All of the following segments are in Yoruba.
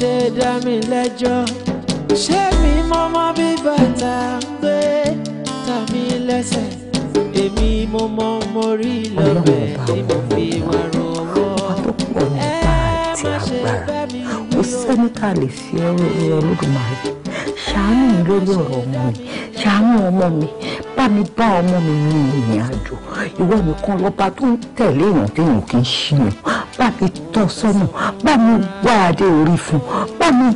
ṣe dá mi lẹ́jọ́ ṣé mi mọ́mọ́ bí bàtà ń gbé ta mi lẹ́sẹ̀ èmi mo mọ mo rí lọ́bẹ̀ tí mo fi wà rọwọ́ ẹ má ṣe bá mi lò. kò sẹ́ni tá a lè fi ọ̀rọ̀ Olódùmarè ṣàánú mi lórí ọ̀rọ̀ ọmọ mi ṣàánú ọmọ mi bá mi bá ọmọ mi ní ìrìn àjò ìwọ nìkan lọ́ba tó ń tẹ̀lé èèyàn téèyàn kì í ṣiyàn bá mi tọ́ sọ́nà bá mi wá adé orí fún bá mi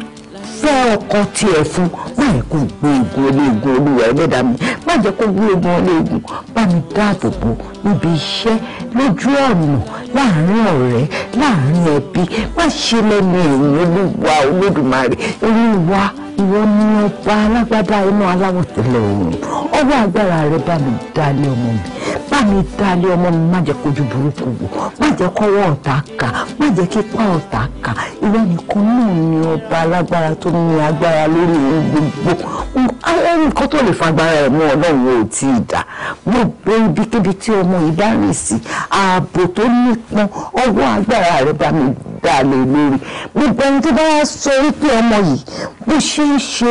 fẹ́ ọkọ tiẹ̀ fún má yẹ kó gbé egun olóògùn olúwa ẹlẹ́dàá mi má jẹ́ kó gbé egun olóògùn bá mi dáàbò bò níbi iṣẹ́ lójú ọ̀nà láàrin ọ̀rẹ́ láàrin ẹbí má ṣe lẹ́nu ẹ̀yìn olúwa olódùmarè olúwa ìwọ ni ọba alágbádá inú aláwọ̀ tẹ̀lé ẹ̀yìn ọwọ́ agbára rẹ bá mi dálé ọmọ mi bá mi dalé ọmọ mi má jẹ́ kojú burúkú wò má jẹ́ kọ́wọ́ ọ̀tá kà má jẹ́ kípa ọ̀tá kà ìwọ nìkan náà ni ọba alágbára tó ní agbára lórí ohun gbogbo nǹkan tó lè fagbára ẹ̀ mú ọlọ́run ò tí ì dá gbogbo ibikíbi tí ọmọ yìí bá rìn sí ààbò tó nípọn ọwọ́ agbára rẹ̀ bá mi dá lé lórí gbogbo ẹni tó bá wá sọ wípé ọmọ yìí bó ṣe ń ṣe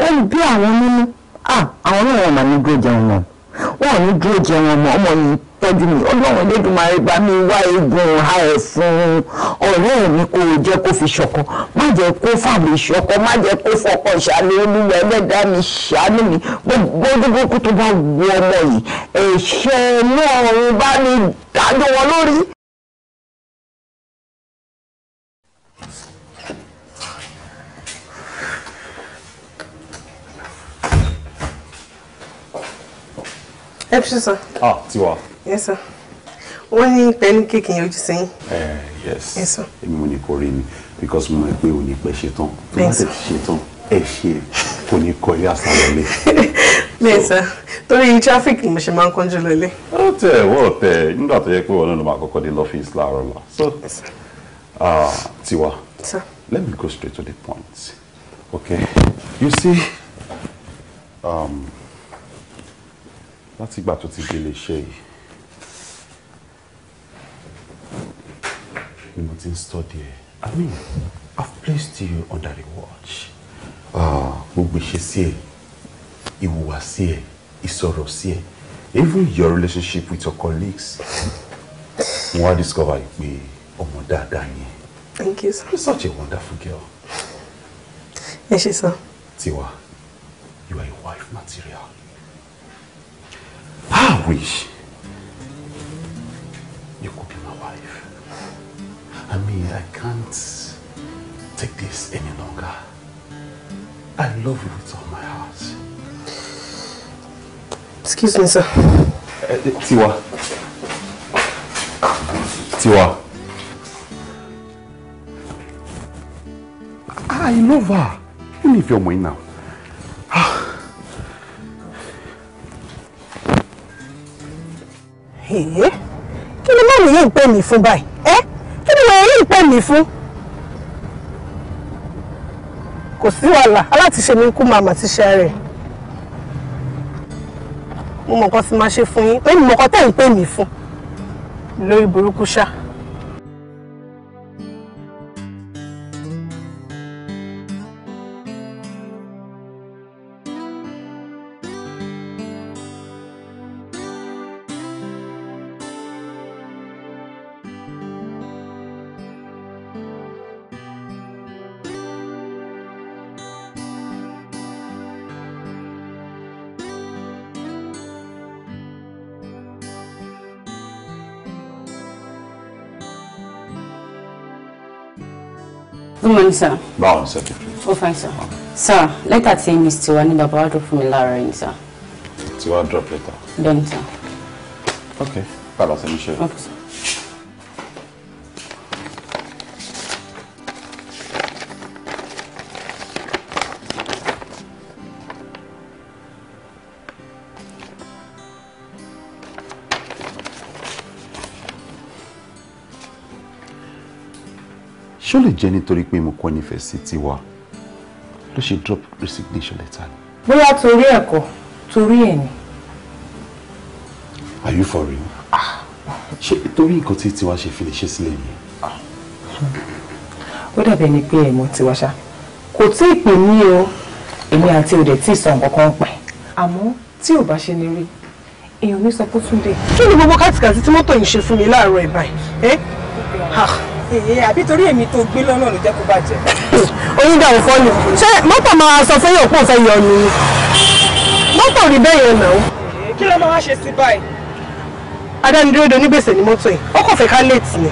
ó àwọn nínú àwọn náà wọn mà ní gbé náà wọn ò ní dúró jẹ wọn mọ ọmọ yìí tọ́jú mi ọlọ́run Elédùmarè bá mi wá eegun ha ẹ̀ fún ọ̀rẹ́ mi kò jẹ́ kó fi ṣọ̀kọ má jẹ́ kó fàmì ṣọ̀kọ má jẹ́ kó fọkọ ṣàlè olúwa ẹlẹ́dàá mi ṣàánú mi gbogbo dúdúkú tó bá wọ ọmọ yìí ẹ̀ṣẹ̀ náà bá mi dájọ́ wọn lórí. ẹ ṣe sọ. ah tiwa. yes sir wọ́n ní pẹ́ẹ́nì kéèkì yẹn ojú sẹ́yìn. ẹ eh, yes yes sir èmi ò ní because mo mọ̀ pé ò ní pẹ́ ṣe tán tó bá tẹ̀ ṣe tán ẹ ṣe kò ní kọ ilé traffic ni mo ṣe máa ń te, lọlé. te? tẹ wọ́n tẹ nígbà tó yẹ pé wọn náà ló máa kọ́kọ́ dé lọ́fíìsì láàárọ̀ la so uh, ah, tiwa let me go straight to the point okay you see. Um, láti ìgbà tó ti délé iṣẹ́ yìí ni mo ti ń study ẹ I mean I've placed you under the watch ah, gbogbo ìṣesí ẹ ìhùwàsí ẹ ìsọ̀rọ̀ sí ẹ even your relationship with your colleagues wọ́n á discover yìí pé ọmọ dáadáa yẹn. thank you sir. you're such a wonderful girl. ẹ ṣé sir. Tiwa you are a wife material. Wish you could be my wife. I mean, I can't take this any longer. I love you with all my heart. Excuse me, sir. Uh, Tiwa. Tiwa. I love her. You leave your money now. kí ni mọ́mí yìí ń pè mí fún báyìí ẹ́ eh? kí ni mọ́mí yìí ń pè mí fún. kò sí wàhálà aláàtìṣe mi ń kú màmá ti ṣe rẹ̀ mo mọ̀ nǹkan tí máa ṣe fún yín pé mo mọ̀ nǹkan tẹ̀ ń pè mí fún lórí burúkú ṣáà. morning, sir. Báwo sir. Oh, fine, sir. Sir, Sir, lẹ́tà tí Miss Tiwa ní bàbá wa drop fún mi láàárọ̀ yìí, sir. Tiwa drop later. Then, sir. Okay, padà sẹ́ni ṣe. Okay, sir. ṣó lè jẹ́ nítorí pé mo kọ́ nífẹ̀ẹ́ sí tiwa ló ṣe drop resignation letter ni. bóyá torí ẹ̀kọ́ torí ẹ̀ ni. are you for real? Ah, ṣe torí nǹkan tí tiwa ṣe fi lè ṣe sílẹ̀ ni. Ah. ó dàbí ẹni pé ẹ̀mọ́ tiwa ṣá kò tí ì pè mí o èmi àti òde tí ì sọ nǹkan kan pẹ̀. àmọ́ tí ò bá ṣe ni rí èèyàn ní sọ pé Túndé. kí ni gbogbo kátìkàtì tí mọ́tò yìí ṣe fún mi láàárọ̀ ẹ̀ báyìí? Eh? Ah èyí àbí torí èmi tó gbé lọ́nà ló jẹ́ kó bàjẹ́. oyún dàrú fọ́ ni ṣé mọ́tò máa sọ fún yóò pò fẹ́ yọ ni mọ́tò rí bẹ́ẹ̀ yẹn nà ó. kí ló máa wá ṣe sí báyìí. adánidúródo ní gbèsè ní mọ́tò yìí ó kàn fẹ́ ká léètì ni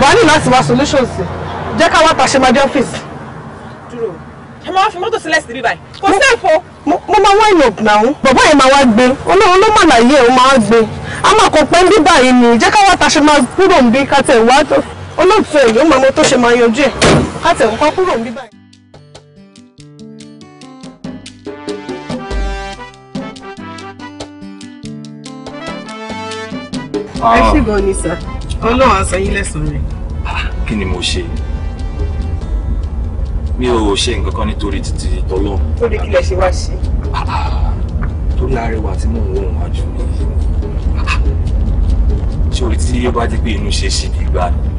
buhari láti wá solutions jẹ́ ká wá tàṣe máa dé ọ́fíìsì. dúró ẹ máa fi mọ́tò sílẹ̀ síbí báyìí kò sẹ́ẹ̀fọ́. mo máa wá ìyàn náà bàbá yẹn máa wá gbé ọlọ́run ló mà láyé òun máa gbé a máa kọ pẹ́ ń bí báyìí ni jẹ́ ká wá tàṣe máa kúrò ń bí ká wá tó olóòtú ẹ̀ yóò mọ ọmọ tó ṣe máa yanjú ẹ̀ káàtì ẹ̀kọ́ kúrò níbí báyìí. Ah. ẹ ṣì gan ni sà ọlọ́run á san yín lẹ́san rẹ̀. Ah, kí ni mo ṣe mi ò ṣe nǹkan kan nítorí títí tọ́lọ́. lórí kílẹ̀ ṣe wá ṣe. torí ah, arẹwà tí mò ń wò wájú mi ṣé orí tí yóò bá jẹ́ pé inú ṣe ṣì bí gbà ni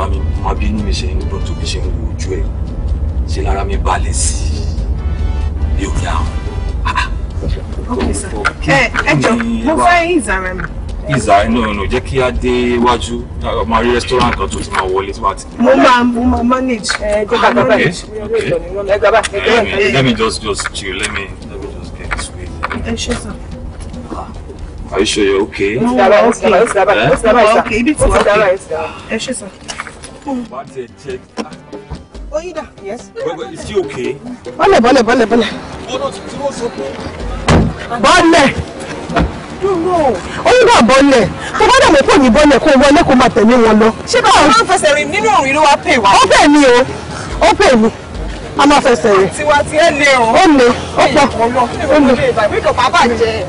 bá mi máa bí inú mi ṣe ní bọ́tò mi ṣe ń wo ojú ẹ̀ ṣe lára mi balẹ̀ sí i mi ò yá o. Eh, ẹ jọ mo fẹ́ ìzàrẹ̀ mi. ìzàrẹ̀ náà nù jẹ́ kí á dé iwájú máa rí restaurant kan tó ti máa wọlé tí wàá ti. mo máa mo máa manage. Eh, ẹ jẹ́ ká gbàgbà yìí ẹ gbàgbà ẹ gbàgbà. let me just just chill let me let me just get this way. ẹ ṣe sàn. Are you sure you're okay? No, eh? okay. okay. okay. okay. okay. okay. okay. okay. okay. Wá tiẹ̀ jẹ́. Oyinda, yes. Gbẹ́gbẹ́, is he okay? Bọ́lẹ̀ bọ́lẹ̀ bọ́lẹ̀ bọ́lẹ̀. Bọ́lẹ̀ tí wọ́n sọ pé. Bọ́lẹ̀. Oyinda bọ́lẹ̀. Tó bá dàgbé kò ní bọ́lẹ̀ kó wọlé kó máa tẹ̀lé wọn lọ. Ṣé bá wọn máa ń fẹsẹ̀ rìn nínú òrìn ló wá pè wá? Ó pè mí o, ó pè mí. A máa fẹsẹ̀ rìn. Tiwa ti ẹ le o. Ó le, ó pọ̀, ó le.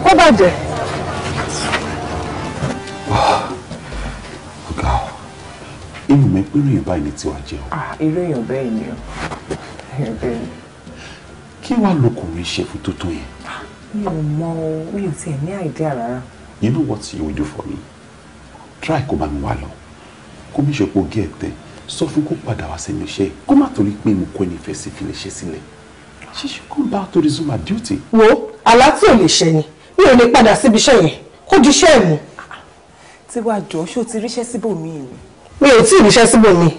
Kó bàjẹ́. Ah èyí mẹ́ pé èèyàn báyìí ni tiwa jẹ́ o. Ah, irú èèyàn bẹ́ẹ̀ ni o èèyàn bẹ́ẹ̀ ni. kí wàá lọkùnrin ṣe fún tuntun yẹn. Ah, mi ò mọ o mi ò tiẹ̀ ní àìdíà rárá. you know what you will do for me try kó bá mi wá lọ kó mi ṣòpò gé ẹ̀tẹ́ sọ fún kó padà wá sẹ́nu iṣẹ́ kó má torí pé mo kọ́ nífẹ̀ẹ́ sí fi lè ṣe sílẹ̀ she should come back to resume her duty. wo àlá tí ò lè ṣẹ ni mi ò lè padà síbi iṣẹ́ yẹn kó ju iṣẹ́ ẹ̀ mú. Ah, tiwa jọ ṣó ti ríṣẹ́ síbòmíì ni mi ò tí ì ríṣẹ́ síbò mi.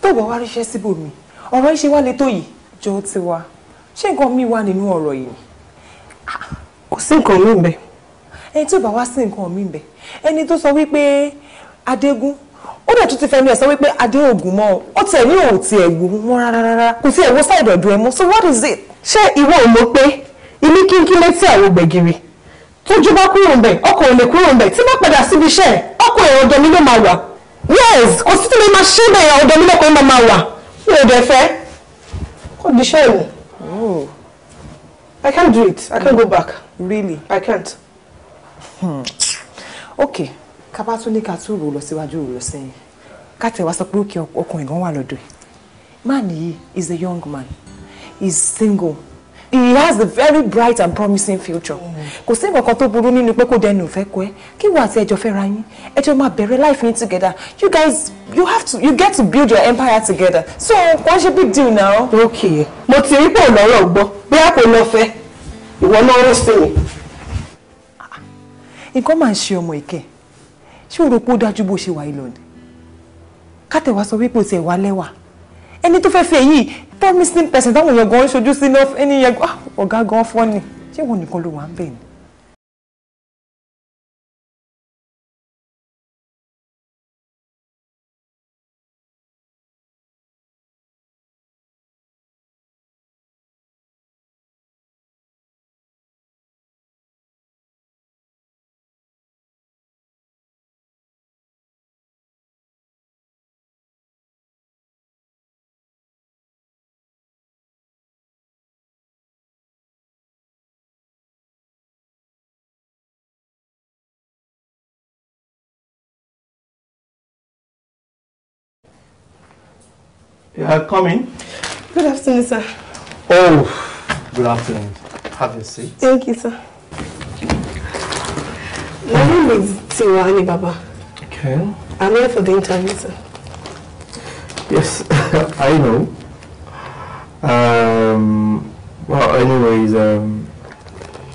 tọ́gbọ̀ wá ríṣẹ́ síbò mi ọ̀rọ̀ yìí ṣe wá le tó yìí jọ ti wá ṣé nǹkan mi wà nínú ọ̀rọ̀ yìí. Ah, kò sí nǹkan mi bẹ́ẹ̀. ẹni tí ò bá wá sí nǹkan mi bẹ́ẹ̀ ẹni tó sọ wípé adégún ó dẹ̀ tún ti fẹ́mi ẹ̀ sọ wípé adé mọ́ ó tiẹ̀ ní òun tiẹ̀ gùn mọ́ rárá kò sí ẹ̀wọ́ ọ̀dọ̀ ẹ̀ mọ́ so what is it. ṣé ìwọ ò mọ̀ pé ilé kínkín létí àwọn gbẹ̀gìrì tójú bá kúrò ń bẹ̀ ọkọ̀ ò lè kúrò ń bẹ̀ tí bá padà síbi iṣẹ́ ọkọ̀ yes kò sí tí mo máa ṣe bẹ́ẹ̀ ọ̀dọ̀ mi lọ́kọ̀ọ́ máa máa wà mi ò dẹ̀ fẹ́ kò di iṣẹ́ mi. Oh. I can't do it I can't go back. Really? I can't. Hmm. Okay kaba tún ní ká tún rò lọ síwájú rò lọ sẹ́yìn ká tẹ̀ wá sọ pé ó kí ọkùnrin gan wà lọ́dọ̀ ẹ̀ man yìí is a young man he's single he has a very bright and promising future kò sí nǹkan tó burú nínú pé kó dẹnu ìfẹ́ kọ ẹ́ kí wọ́n àti ẹjọ́ fẹ́ra yín ẹjọ́ máa bẹ̀rẹ̀ life yín together you guys you have to you get to build your empire together so kò ṣe big deal now. ok mo ti rí pé òlọ́rọ̀ gbọ́ bí a kò lọ fẹ́ ìwọ náà rò sí mi. nǹkan máa ń ṣe ọmọ ìkẹ́ ṣé o rò pé ó dájú bó ṣe wà yìí lọ ni kátẹ̀wá sọ wípé o tiẹ̀ wá lẹ́wà ẹni tó fẹ́ fẹ́ yìí promising person táwọn èèyàn gan ń ṣojú sí náà ẹni yẹn ọ̀gá gan fọ́ ni ṣé wọn nìkan ló wà ń bẹ̀ ni. You come in. Good afternoon, sir. Oh, good afternoon. Have a seat. Thank you, sir. My name is Tiwani Baba. Okay. I'm here for the interview, sir. Yes, I know. Um, well, anyways, um,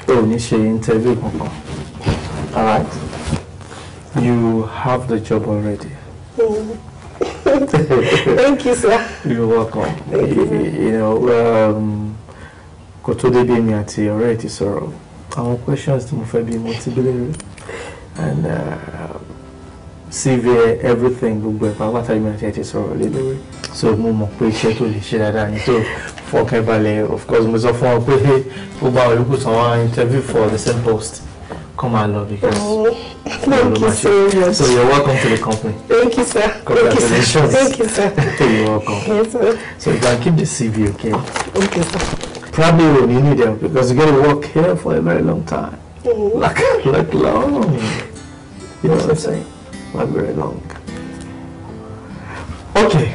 oh, initial interview. All right. You have the job already. Mm -hmm. Thank you, sir. You're welcome. Thank you, sir. You know, um, kò tó débi èmi àti ọ̀rẹ́ ti sọ̀rọ̀ àwọn questions tí mo fẹ́ bí mo ti béèrè and uh, CV e, everything gbogbo ẹ̀ pàápàá èmi àti ẹ̀ ti sọ̀rọ̀ lé lórí so mo mọ̀ pé iṣẹ́ tó lè ṣe dáadáa ni so fọkàn balẹ̀ of course mo sọ fún ọ pé gbogbo àwọn olùkùsọ̀ wọn interview for the same post. Come and love because oh, thank you so much. So you're welcome to the company. Thank you, sir. Congratulations. Thank you, sir. Thank you, sir. you're welcome. Yes, sir. So you can keep the CV, okay? Okay, sir. Probably when you need them because you're gonna work here for a very long time. Mm. Like, like long. You know what I'm saying? Not very long. Okay.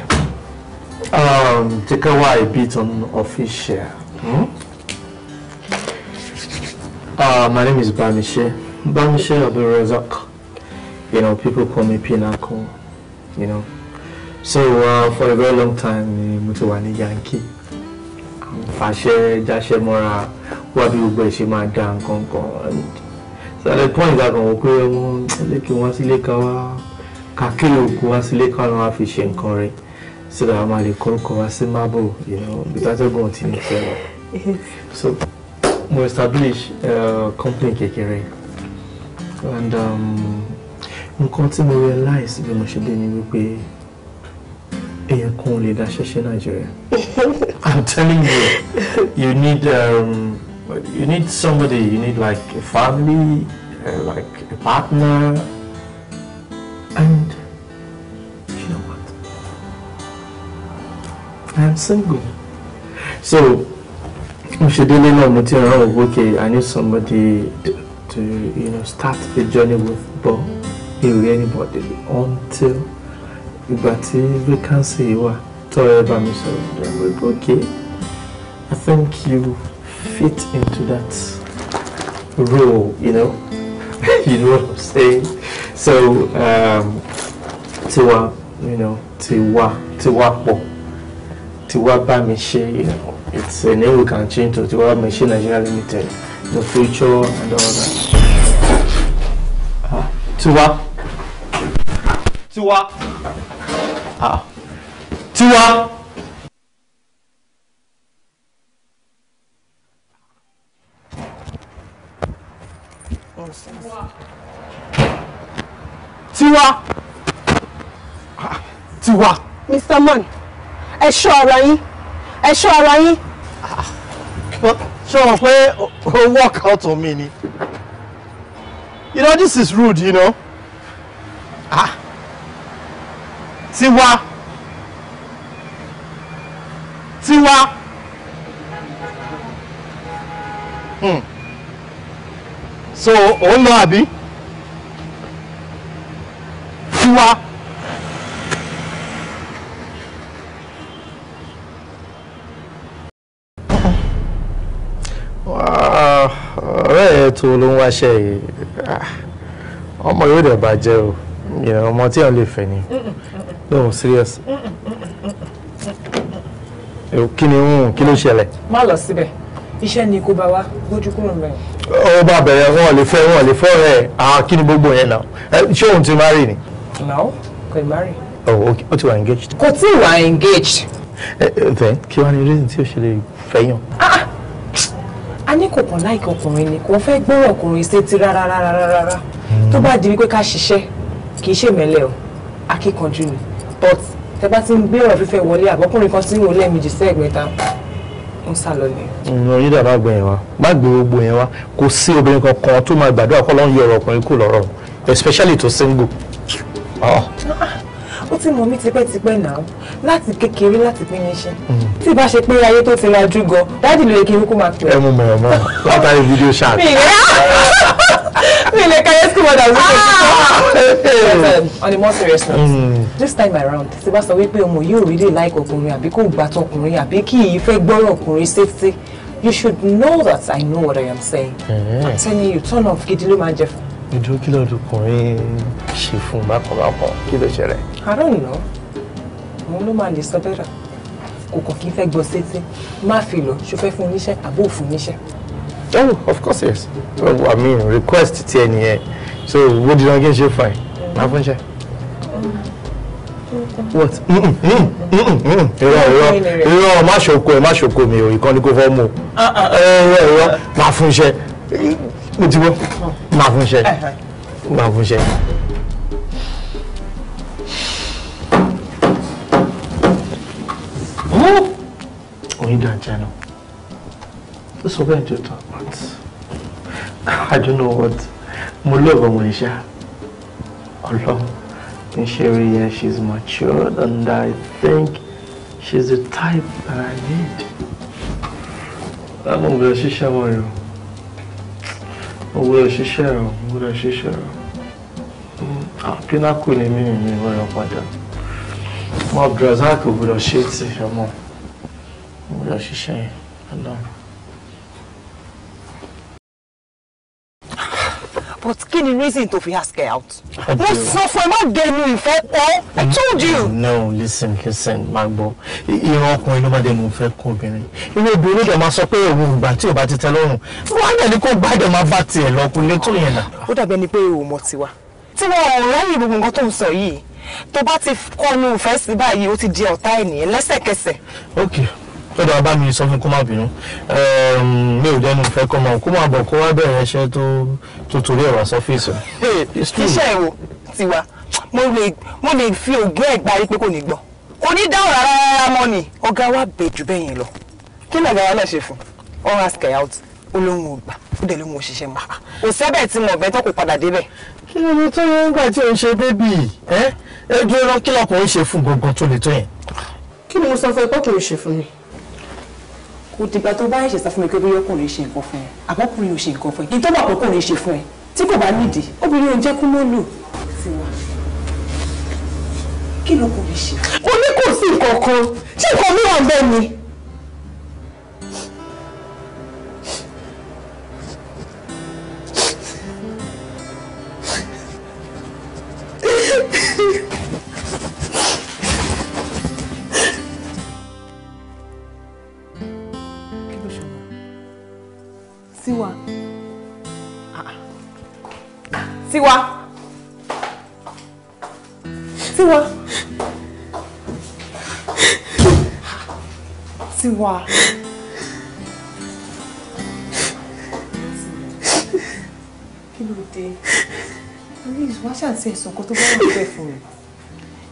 Um, take away a bit on official. Hmm? Uh, my name is Banishe. Banishe Abdulrazak. You know, people call me Pinako. You know. So uh, for a very long time, mo ti wà ní Yankee. Fàṣẹ jáṣẹ mọ́ra wá bí gbogbo ìṣe máa dá nǹkan kan. So at the point that wọ́n pé wọ́n lé kí wọ́n sílé ká wá kàkiri òkú wá sílé ká wọ́n wá fi ṣe nǹkan rẹ̀. So that a máa lè kọ́ ọkọ̀ wá sí Marble, you know, bí tátẹ́gùn ti ní fẹ́ lọ. So We establish uh, company kékeré and um, nǹkan tí mo realize bí mo ṣe dé ni wípé èèyàn kan ò lè dá ṣẹ́ṣẹ́ Nàìjíríà I'm telling you you need um, you need somebody you need like a family uh, like a partner and you know what I am single so mo ṣe délé náà mo okay I need somebody to you know start the journey with but mi ò anybody until ìgbà tí vacancy wà tọ́rọ ẹ bá mi sọ̀rọ̀ ìdàgbọ́ okay I think you fit into that role you know you know what I'm saying so um, tiwa you know tiwa tiwa pọ̀ tiwa bá mi ṣe you know. It's a name we can change to Tiwa Machine Nigeria Limited the future and all that. Ah, Tiwa. Tiwa. Ah. Tiwa. Tiwa. Ah, Tiwa. Mr. Man, ẹ ṣọ́ ara yín ẹ ṣọ́ ara yín. ṣé o mọ̀ pé o walk out on me ni you know this is rude you know ah tiwa tiwa hmm so òun lọ àbí tiwa. tó ló ń wáṣẹ́ yìí ah, ọmọ yóò dẹ̀ bàjẹ́ o ọmọ tí wọ́n lè fẹ́ ni no serious kí ni ń kí ló ṣẹlẹ̀. má lọ síbẹ̀ iṣẹ́ ni kò bá wa gbójú kúrò rẹ̀. ó bá bẹ̀rẹ̀ wọn lè fẹ́ wọn lè fẹ́ ọ̀rẹ́ ẹ̀ kí ni gbogbo yẹn náà ṣé òun ti marry ni. no kò ì marry. Oh, ó ti wà engaged. kò tí ì wà engaged. ẹ ẹ kí wàá ní reason tí o ṣe lè fẹ́yàn a ní kò kàn láìka ọkùnrin ni kò fẹ́ gbọ́rọ̀ ọkùnrin sétí rárá rárá rárá tó bá di wípé ká ṣiṣẹ́ kì í ṣèmẹ́lẹ̀ o akíkanjú ni but tẹ bá ti ń gbé ọ̀rọ̀ fífẹ́ wọlé àbọ́kùnrin kan sínú lẹ́ẹ̀mejì sẹ́ẹ̀gbẹ́ta ń sá lọ ni. ọ̀nà mm, yín dàbá gbẹ̀ yẹn wá má gbé gbogbo yẹn wá kò sí obìnrin kankan tó máa gbàdúrà kọ́ ló yọ ọ̀rọ̀ ọkùnrin kù lọ́rọ̀ especially to single. Oh ó ti mọ̀ mí tipẹ́tipẹ́ náà láti kékeré láti pín níṣẹ́ mm. tí bá ṣe pé ayé tó ti lajú gan dáàdì ló yẹ kí irúkú máa pè é. ẹ mú mẹ̀rọ mọ́ látàrí fídíò ṣáà. mi ilé káyé sí mọ́dà wí pé on a more serious note mm. this time around tí bá sọ wípé ọmọ yóò rí lè láìkọ ọkùnrin àbí kò gbà tọkùnrin àbí kì í fẹ́ gbọ́rọ̀ ọkùnrin sétí you should know that I know what I am saying. Mm. I'm telling you turn off gidi ló máa jẹ fún ìdúró kí lọ́dún ọkùnrin ṣe fún bákanbákan kí ló ṣẹlẹ̀. àárọ̀ nà òun ló máa lè sọ bẹ́rẹ̀ kò kàn kí n fẹ́ gbọ́ sétí má fi lọ ṣo fún oníṣẹ́ àbó òfin níṣẹ́. oh of course yes well, I mean request ti ẹ nìyẹn so wo di náà kí n ṣe fine má fún iṣẹ́. what irọ́ irọ́ irọ́ má ṣoko ẹ má ṣoko mi ò ìkànnì kò fọ́ mu irọ́ irọ́ má fún iṣẹ́ mo ti bọ́ máa fún iṣẹ́ máa fún iṣẹ́. oyin danja náà ó sọ bẹ́ẹ̀ tó tán but I don't know what mo love ọmọ ìṣá ọlọ́run kì í ṣe rí yẹn she's matured and I think she's the type that I need. láwọn ọmọ ìṣiṣẹ́ wọn rèé o òwúrọ̀ ṣiṣẹ́ o òwúrọ̀ ṣiṣẹ́ o hmm, ah, pínákù ni mí mi wọ́yọ̀ padà mo brazak òwúrọ̀ ṣe tì ọmọ òwúrọ̀ ṣiṣẹ́ yẹn but kí ni reason to fi ask her out. mo sọ fún ẹ má dẹnu ìfẹ́ pọ̀ i told you. no listen listen máa gbọ́ ìran ọkùnrin ló má dẹnu ìfẹ́ kún obìnrin irú obìnrin ló dẹ̀ máa sọ pé But ìgbà tí ò tell ti Why lọ́rùn wọ́n yẹ̀ ní kó gbádùn máa bá tiẹ̀ lọ́kùnrin tó yẹn náà. ó you ẹni pé o mọ̀ tiwa tí wọn ò to gbogbo nǹkan tó ń sọ yìí tó bá ti kọnu ìfẹ́ sí báyìí ó ti di ọ̀tá ènìyàn lẹ́sẹ̀kẹsẹ̀. okay tọ́dọ̀ bá mi sọ fún kó má bínú mi ò dẹnu ìfẹ́ kọ́ mọ́ kó má bọ̀ kó wá bẹ̀rẹ̀ iṣẹ́ tó tó torí ẹ̀wà sọ́fíìsì. iṣẹ́ ìwò tiwa mo lè fi ògùn ẹ̀ gbarí pé kò ní gbọ́ kò ní dáhùn rárá rárá mọ́ ni ọ̀gá wa bẹ̀ jù bẹ́ẹ̀ yẹn lọ kí lọ̀gá wa náà ṣe fún all ask her out olóhùn ògbà ó dẹ̀ lóhùn òṣìṣẹ́ mọ́ kò sẹ́bẹ̀ tí mo bẹ́ tó kò padà débẹ̀. kí ló ló tó yẹn nígbà tí ò ń ṣe bébì ẹ ẹ dúró kí lọkùnrin ṣe fún gbọ̀ngàn tó lè tó yẹn. kí ni mo sọ fún ẹ pé kò ń ṣe fún mi kò dìgbà tó bá ẹ̀ṣẹ̀ sá fún mi pé bóyá ọkùnrin ṣe nǹkan fún ẹ àbọ̀kùnrin ò ṣe nǹkan fún ẹ ìtọ́wọ́ àkọ́kùnrin ṣe fún ẹ tí kò bá nídìí obìnrin ò jẹ́ kú ló lù. kí ló kò fi ṣe. o ní kò sí nǹkan kan ṣé nǹkan mìíràn bẹ́ẹ̀ ni. Tiwa. Kí ló dé? Please, wá ṣàǹtí ẹ̀sùn kan tó bá wà bẹ́ẹ̀ fún mi.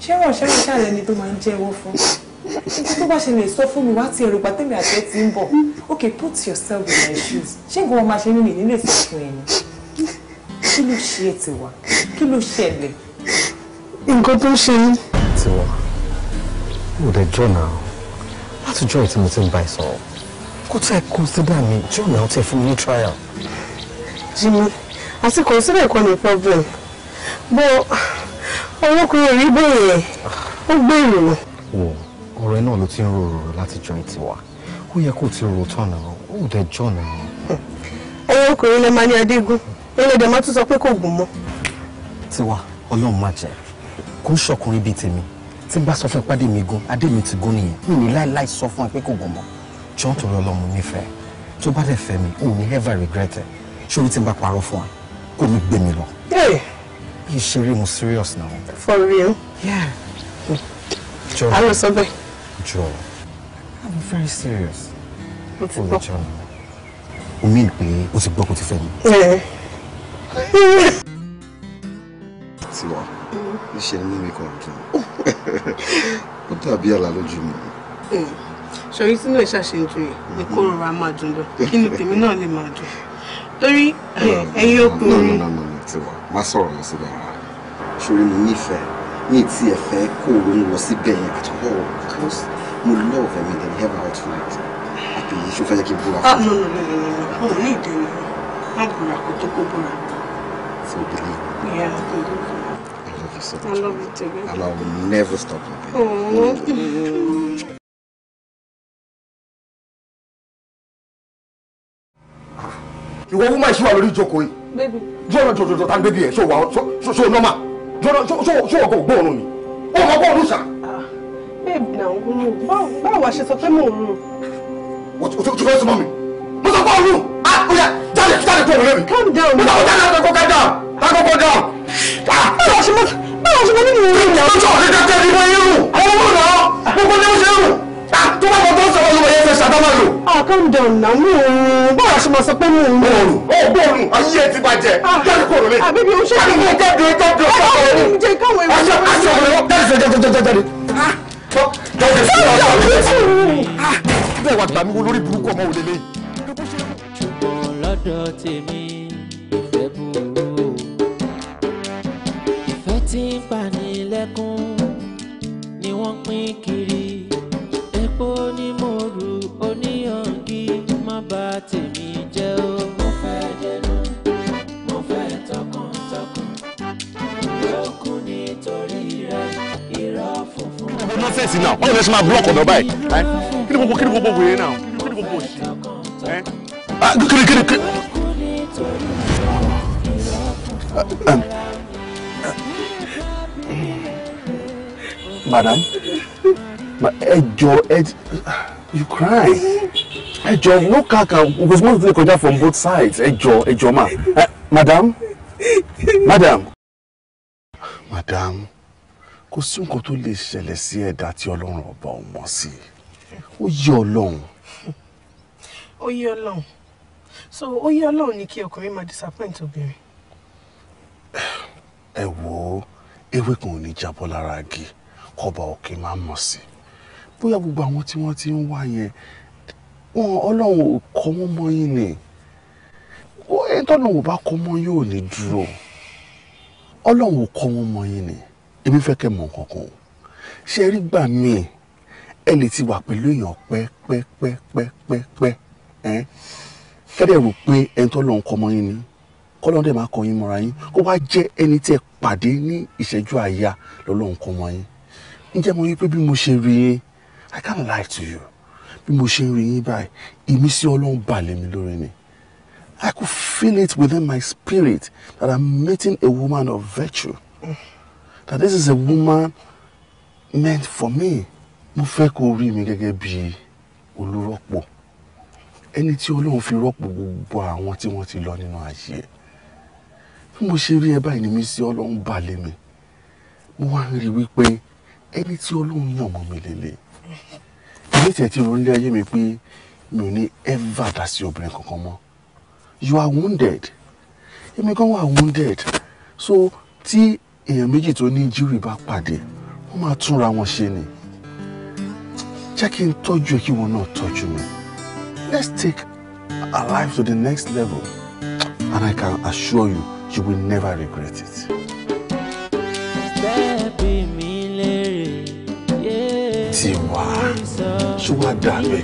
Ṣẹ́rọ̀ ṣẹ́rọ̀ ṣàlẹ́ ni tó máa ń jẹ́wọ́ fún. Nǹkan tó bá ṣẹlẹ̀ sọ fún mi wá ti ẹ̀rù pàtẹ́mi àti ti ń bọ̀. Okay, put yourself in my shoes. Ṣé nǹkan wọn máa ṣe nínú ìnílé sọ fún ẹni? Kí ló ṣe é Tiwa? Kí ló ṣẹlẹ̀? Nǹkan tó ṣe é. Tiwa, ò dẹ̀ náà látijọ́ ìtí mo ti ń bá ẹ sọ̀rọ̀ kó tẹ́ ẹ consider mi jọ́ náà tẹ́ fún mi ní trial. Jimmy àti consider kan ní problem bó ọlọ́kùnrin rí bẹ́ẹ̀ ó gbé ìrònú. wo ọ̀rọ̀ ẹ náà ló ti ń rò rò látijọ́ ìtì wa ó yẹ kó ti rò tán náà ó dẹ̀ jọ́ náà. ẹ̀yin ọkùnrin lè máa ní adégún ẹlẹ́dẹ̀ máa tún sọ pé kò gùn mọ́. tiwa ọlọ́run má jẹ́ kó ń ṣọkùnrin bíi tèmi tí bá sọ fún ẹ pàdé mi gún adé mi ti gún nìyẹn mi ní láíláí sọ fún ẹ pé kò gùn mọ́ jọ́n torí ọlọ́mọ nífẹ̀ẹ́ tó bá dẹ̀ fẹ́ mi ò ní ever regret ẹ ṣórí tí n bá parọ́ fún ẹ kò ní gbé mi lọ. bí ìṣeré mo serious now. for real. yeah. jọ̀ọ́ a lọ sọ bẹ́ẹ̀. jọ̀ọ́ i'm very serious. O ti gbọ́ o mean pé o ti gbọ́ kó ti fẹ́ mi. Eh. tiwa mm. níṣẹ́ ni mímí kan dùn ó dàbí àlá lójú mi. Eh, ṣòyí sínú ìṣàṣejù yìí ni kó rọra máa dùn lọ kí ni tèmi náà lè máa dùn torí eh, ẹ̀yin ọkùnrin. nà nà nà tiwa má sọ̀rọ̀ lọ síbẹ̀ rárá ṣòrí mi nífẹ̀ẹ́ ní ìtì ẹ̀fẹ́ kó ronú lọ síbẹ̀ yẹn at all because mo love ẹ̀mí dem help out tonight àbí ṣó fẹ́ jẹ́ kí n búra. ah no no no no no no ní ìdẹ́nu má búra kó tó kó búra. so believe. yeah i can do it you so much. I love you too. Baby. And I will never stop loving you. Aww. ìwọ wúmọ ìṣúwà lórí ìjókòó yìí jọrọ jọjọjọ tá bébí ẹ ṣòwò nọmà jọrọ ṣòwò kò gbóòórùn ni ó mọ gbóòórùn sà. babe na òun báwo wàá ṣe sọ pé mò ń rùn. o ti fẹ́ sọ mọ́ mi mo What what what á kúrẹ́ jáde jáde kúrò lórí mi. calm down. mo sọ pé jáde kó ká What ká kó kó dáa báwo ṣe mo ní ìwé ìyá. tó sọ̀rọ̀ kíkẹ́ tẹ́ ìwọ down náà mú pín kiri epo ní mo rù oníyànjú má bà tèmi jẹ́ o. mo fẹ́ dẹnu mo fẹ́ tọkàntọkàn lókun nítorí rẹ irọ́ funfun. ọ̀pọ̀ náà fẹ́ẹ̀sì náà wọ́n lè ṣe máa búlọ̀kì ọ̀dọ̀ báyìí kí ni gbogbo kí ni gbogbo wòye náà kí ni gbogbo òṣì ah, kí ni kí ni kí ni. madam my edge, your edge. you cry ẹ jọ no car can to dey kọjá from both sides Edge, jọ ẹ ma madam madam madam Cause sí got to lè ṣẹlẹ̀ sí ẹ̀dá tí ọlọ́run ọba ò mọ̀ sí long. yé ọlọ́run. long. so ó yé long, you keep coming my disappointment obìnrin. Eh wo ewé kan ò ní jábọ́ lára igi kọba òkè máa mọ̀ sí bóyá gbogbo àwọn tí wọ́n ti ń wá yẹn wọn ọlọ́run ò kọ́ wọ́n mọ́ yín ni ẹni tọ́nà ò bá kọ́ mọ́ yóò ní dúró ọlọ́run ò kọ́ wọ́n mọ́ yín ni èmi fẹ́ kẹ́ mọ̀ kankan ṣe rí gbà míì ẹ lè ti wà pẹ̀lú èèyàn pẹ́pẹ́pẹ́pẹ́pẹ́ ẹ kẹ́dẹ̀ rò pé ẹni tọ́lọ́run kọ́ mọ́ yín ni kọ́lọ́n dẹ̀ máa kọ́ yín mọ́ra yín kó wá jẹ́ ẹni tí ẹ pàdé ní ìṣẹ́jú àyà lọ́lọ́run kọ́ mọ́ yín ǹjẹ́ mo rí pé bí mo ṣe rí yín i can't lie to you bí mo ṣe rí yín báyìí ìmísí ọlọ́run balẹ̀ mi lórí ni i could feel it within my spirit that i'm meeting a woman of virtue that this is a woman meant for me mo fẹ́ kó rí mi gẹ́gẹ́ bí olùrọ́pò ẹni tí ọlọ́run fi rọ́pò gbogbo àwọn tí wọ́n ti lọ nínú ayé ẹ̀ bí mo ṣe rí ẹ báyìí ni mi sí ọlọ́run balẹ̀ mi mo wá ń rí wípé ẹni tí ọlọ́run yàn mọ́ mi lélẹ̀ ilé tẹ̀ tí ronú lé ayé mi pé mi ò ní ever dá sí obìnrin kankan mọ́ you are wounded èmi gan wà wounded so tí èèyàn méjì tó ní jírí bá pàdé wọ́n máa túnra wọn ṣe ni jẹ́ kí n tọ́jú ẹ kí wọn náà tọ́jú mi let's take our life to the next level and I can assure you you will never regret it. ṣé wàá dà bẹ́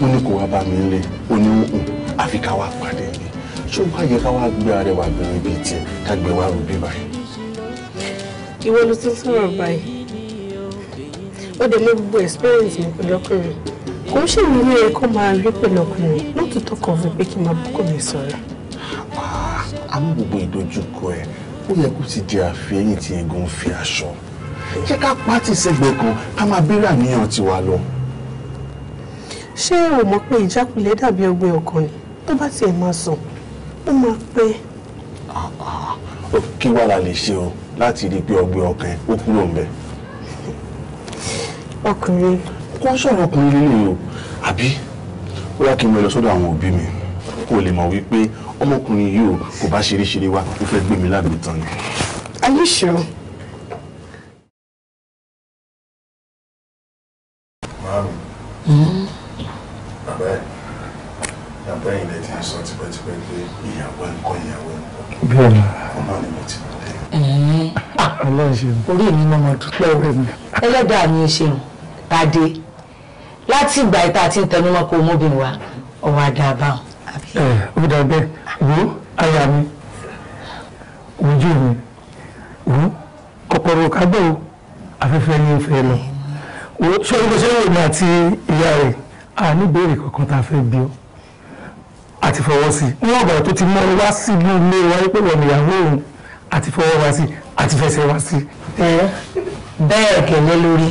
wọ́n ní kó wá bá mi lé oníhùn àfi ká wá pàdé mi ṣé wàá yẹ ká wá gbé arẹwà bìnrin bíi tiẹ̀ ká gbé wá rú bí báyìí. ìwọ ló ti ń sọ̀rọ̀ báyìí ó dẹ̀ lé gbogbo experience mi pẹ̀lú ọkùnrin kò ń ṣe ìrírí ẹ kó máa rí pẹ̀lú ọkùnrin lótìtọ́ kan fi pé kí n máa bọ́kọ̀ mi sọ̀rọ̀. àmọ́ gbogbo ìdojúkọ ẹ ó yẹ kó ti di àfihàn tí egun fi aṣọ ṣé ká pátì sẹ́gbẹ̀ẹ́ kan ká máa bèrè àníyàn tiwa lọ. ṣé o mọ̀ pé ìjákulẹ̀ dàbí ọgbẹ́ ọkàn ni tó bá tiẹ̀ máa sàn ó máa pẹ́. kí wàá la lè ṣe o láti rí i pé ọgbẹ́ ọkàn ó kúrò ń bẹ̀. ọkùnrin. kó sọ̀rọ̀ ọkùnrin nínú o àbí ó yá kí n lọ sọ́dọ̀ àwọn òbí mi kó lè mọ̀ wípé ọmọkùnrin yìí o kò bá ṣeré ṣeré wá ó fẹ́ gbé mi láàbì tán ni. Are you sure? ṣeun. orí mi náà mo dúpẹ́ ọ̀rẹ́ mi. ẹlẹ́dàá mi ṣeun pàdé láti ìgbà ìta àti ìtẹnumọ́ kó mú bìn wá ọ̀rọ̀ àdàbà. ẹ ó dà bẹ́ẹ̀ wo aya mi ojú mi wo kọ̀kọ̀rọ̀ kábọ̀ afẹ́fẹ́ ní ìfẹ́ lọ sọ wípé sẹ́yìn èmi àti ìyá rẹ̀ a ní ìbéèrè kankan tá a fẹ́ bí ọ àti fọwọ́ sí i níwọ̀n ìgbà tó ti mọ́ wá sílùú ilé wa wípé wọ̀n ìyàwó òun àti fọwọ́ wá sí àti fẹsẹ̀ wá sí. bẹ́ẹ̀ gẹ̀lẹ́ lórí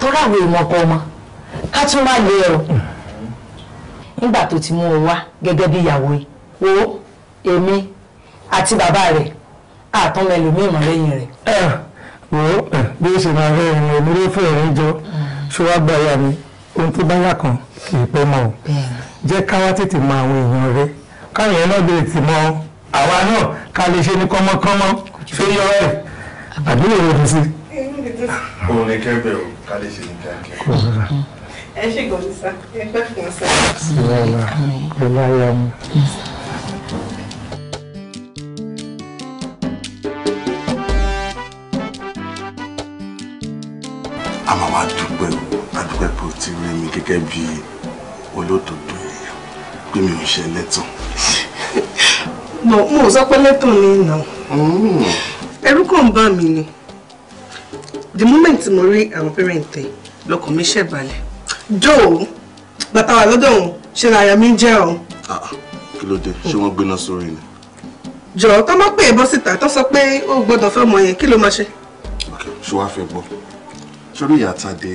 tọ́lá àwọn èèmọ̀ ọkọ ọmọ ká tún má lè ẹ̀rọ nígbà tó ti mú ọ wá gẹ́gẹ́ bí ìyàwó yìí wo èmi àti bàbá rẹ̀ àtọ́mọ ẹlòmíì mọ̀ lẹ́yìn rẹ̀. wo bí ó ṣe máa rẹ ìrìn èmi ló fẹ́ rẹ jọ ṣó wá gba ìyá mi ohun tó bá yà kan kì í pẹ́ mọ́ o jẹ́ káwá tètè mọ àwọn èèyàn rẹ káwọn èèyàn náà bèrè tì mọ́ àwa náà ká lè ṣe ní kọ́mọ́kọ́mọ́ fẹ́yọ́ ẹ̀ àdúrà rẹ̀ fún sí. òun ni kẹ́bẹ̀ o ká lè ṣe ní kíákíá. ẹ ṣe gòmí sá ẹ pẹ́ fún ọ sá. ìrọ̀lá ìrọ̀lá ya mu. a máa wá dúpẹ́ o a dúpẹ́ pé o ti rí mi gẹ́gẹ́ bí olódodo èèyàn pé mi ò ṣe ẹlẹ́tàn mo ò sọ pé lẹ́tọ̀ ni ìnà mm. ẹ̀rù kàn ń bà mí ni the moment mo rí àwọn parent ẹ̀ lọkàn mi ṣẹ̀ balẹ̀ joe bàtà wà lọ́dọ̀ wọn ṣe ni àyà mi ń jẹ́ ọ. Ah, ah, kí ló dé ṣé wọ́n gbéná sórí ni. jọ̀ọ́ tó má pè é bọ́ síta tó sọ pé ó gbọ́dọ̀ fẹ́ mọ yẹn kí ló máa ṣe. ok ṣé wàá fẹ́ gbọ́ sórí ìyá Tádé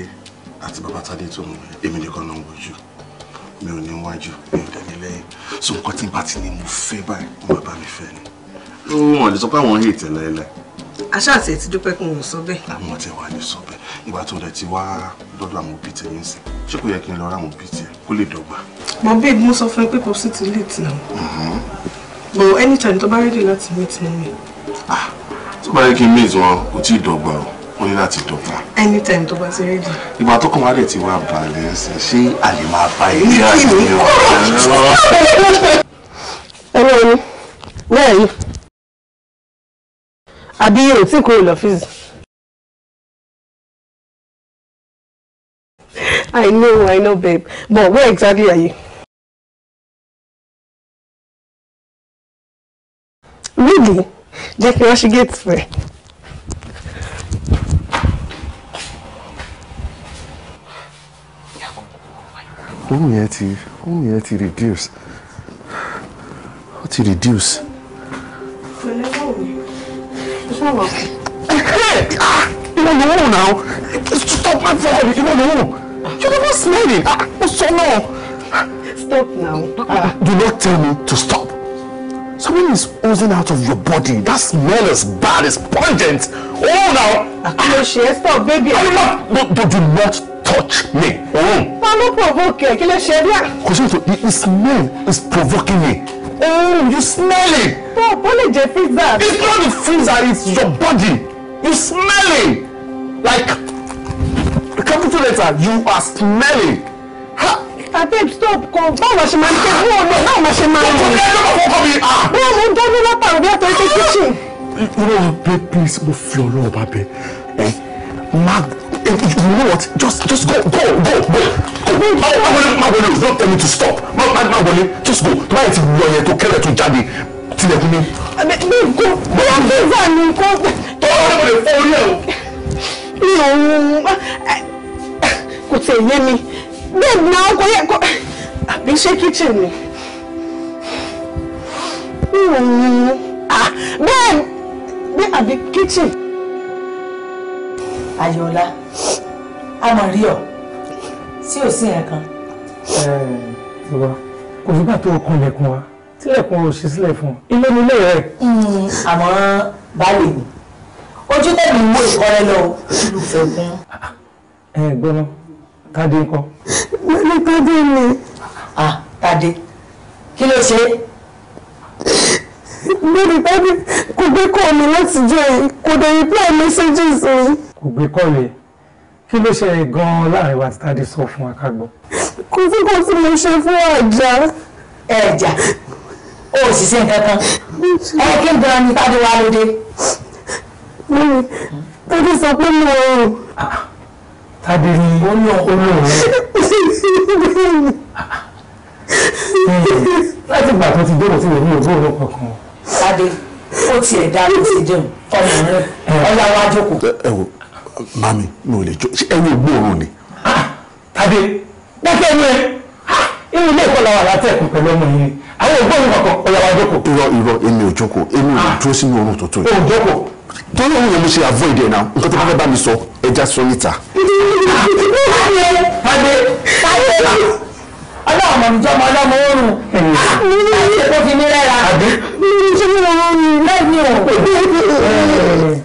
àti bàbá Tádé tó mú èmi nìkan náà wojú mi ò ní wájú mi ò dẹ̀ ní lẹ́yìn so nǹkan tí n bá ti ní mo fẹ́ báyìí mo máa bá mi fẹ́ ni. ó wọn lè sọ pé àwọn hate lẹ́lẹ́. aṣáà tiẹ̀ ti dúpẹ́ kí n ò sọ bẹ́ẹ̀. àwọn tí wàá ní sọ bẹ́ẹ̀ ìgbà tó rẹ̀ ti wá lọ́dọ̀ àwọn òbí tẹ̀ yín sí ṣé kò yẹ kí n lọ rá àwọn òbí tẹ̀ kó lè dọ́gba. mo babe mo sọ fún ẹ pé popsi ti late now mm-hmm. but anytime tó bá ready láti meet mummy. ah tó bá yẹ kí n meet wọn kò tí ì o ó ní láti dọ̀gbọ́n. anytime tó bá ti rí di. ìgbà tó kàn wá dẹ̀ ti wá balẹ̀ ẹsẹ̀ ṣé a lè máa bá ilé àdéhùn ọ̀rọ̀. ẹ̀rọ mi bẹ́ẹ̀ ni àbí o tí kúrò lọ́fíìsì. I know, I know, babe. But where exactly are you? Really? Jẹ́ kí wọ́n ṣe gate fẹ́. oorun yẹn ti oorun yẹn ti reduce ó ti reduce. pẹ̀lẹ́ báwo ni o ṣàwọ̀ kù. ìwọ ni oorun náà stop my phone ìwọ ni oorun you never smell it. Ah, sọ náà. stop now. Ah, do not tell me to stop. Something is oozing out of your body. That smell is bad. It's pungent. Oh now. Akiloshe, stop, baby. I will not. No, do not touch me. Oh. Wọ́n ló provoke ẹ̀ kí ló ṣe bí the smell is provoking me. Oh, you smell it. Bọ́ bó lè jẹ pizza. It's not the freezer, it's your body. You smell it. Like, the to you are smelling. Ha! Abeg stop kan. Báwo la ṣe máa ń tẹ́ fún ọ̀nà náà la ṣe máa ń rìn? Ọ̀gá ẹ̀rọ kọ̀ọ̀kan mi. Báwo mo dání lápá You know, babe, please, mo fi ọlọ́ọ̀bá bẹ̀. Eh? Mark, you know what? Just, just go, go, go, go. Máwọlé is not tell me to stop. Máwọlé, just go. Tó báyìí ti wọ yẹn tó kẹ́lẹ̀ to jáde, tilẹ̀kùn ni. Mi kò bí visa mi kò. Tó o lè fọ orí ẹ̀ o. Mi ò ń kò tẹ̀ yé mi. babe. ni àwọn kò yẹ kó. Àbí ṣé kitchen ni? Mi ò ń ah, bẹ́ẹ̀ ni àbí kitchen ayọ̀ọ́lá a mọ̀ rí ọ sí ò sí yẹn kan. ìwà kò nígbà tó kún ilẹ̀kùn wa tílẹ̀kùn ò ṣe sílẹ̀ fún ọ ilé mi lè rẹ̀. Hmm, àmọ́ baálé mi ojú tẹ̀mí ń wò ìkọ́rẹ́ lọ olùfẹ́ fún. ẹ gbọ́nà tádé ń kọ́. gbọ́nà tádé ni. ah tádé kí ló ṣe é lórí pẹ́ẹ́bí kò gbé kọ́ mi láti jẹ́ kò dẹ̀ reply messages mi kò gbé kọ́ọ̀lù yẹn kí ló ṣe gan-an láàrin wa títàdé sọ fún wa ká gbọ́. kò sí kò sí mo ṣe fún ọjà. ẹ̀jà ó sì ṣe kankan ẹ kí n gan ni tádé wa lóde. tádé sọ pé mo rò. tádé ni ó ní olóòrè. láti ìgbà tó ti dẹ́rọ̀ sí ìwé ní ògbó òun kankan. tádé ó tiẹ̀ dá ló ti dẹ̀hùn ọmọ rẹ̀ ọlá wájú kù. ẹ wò mami mi ò lè jó ṣé ẹni ògbóòrùn ni. tàbí dákẹ́ ẹnu ẹ inú ilé ìkọlà wà látẹ̀kùn pẹ̀lú ọmọ yìí àwọn ògbóòrùn kankan ọ̀yà wa jókòó. irọ́ irọ́ èmi ò jókòó èmi ò dúró sínú oorun tó tó yìí. o jókòó. torí òun yẹn mo ṣe avoid ẹ̀ náà nǹkan tó bá fẹ́ bá mi sọ ẹja sọ níta. tàbí tàbí ọlọ́ọ̀mọ̀ ìjọba ọlọ́mọ oorun àti ìpò fi mí rẹ́ra. àbí mi ò mí wọ́n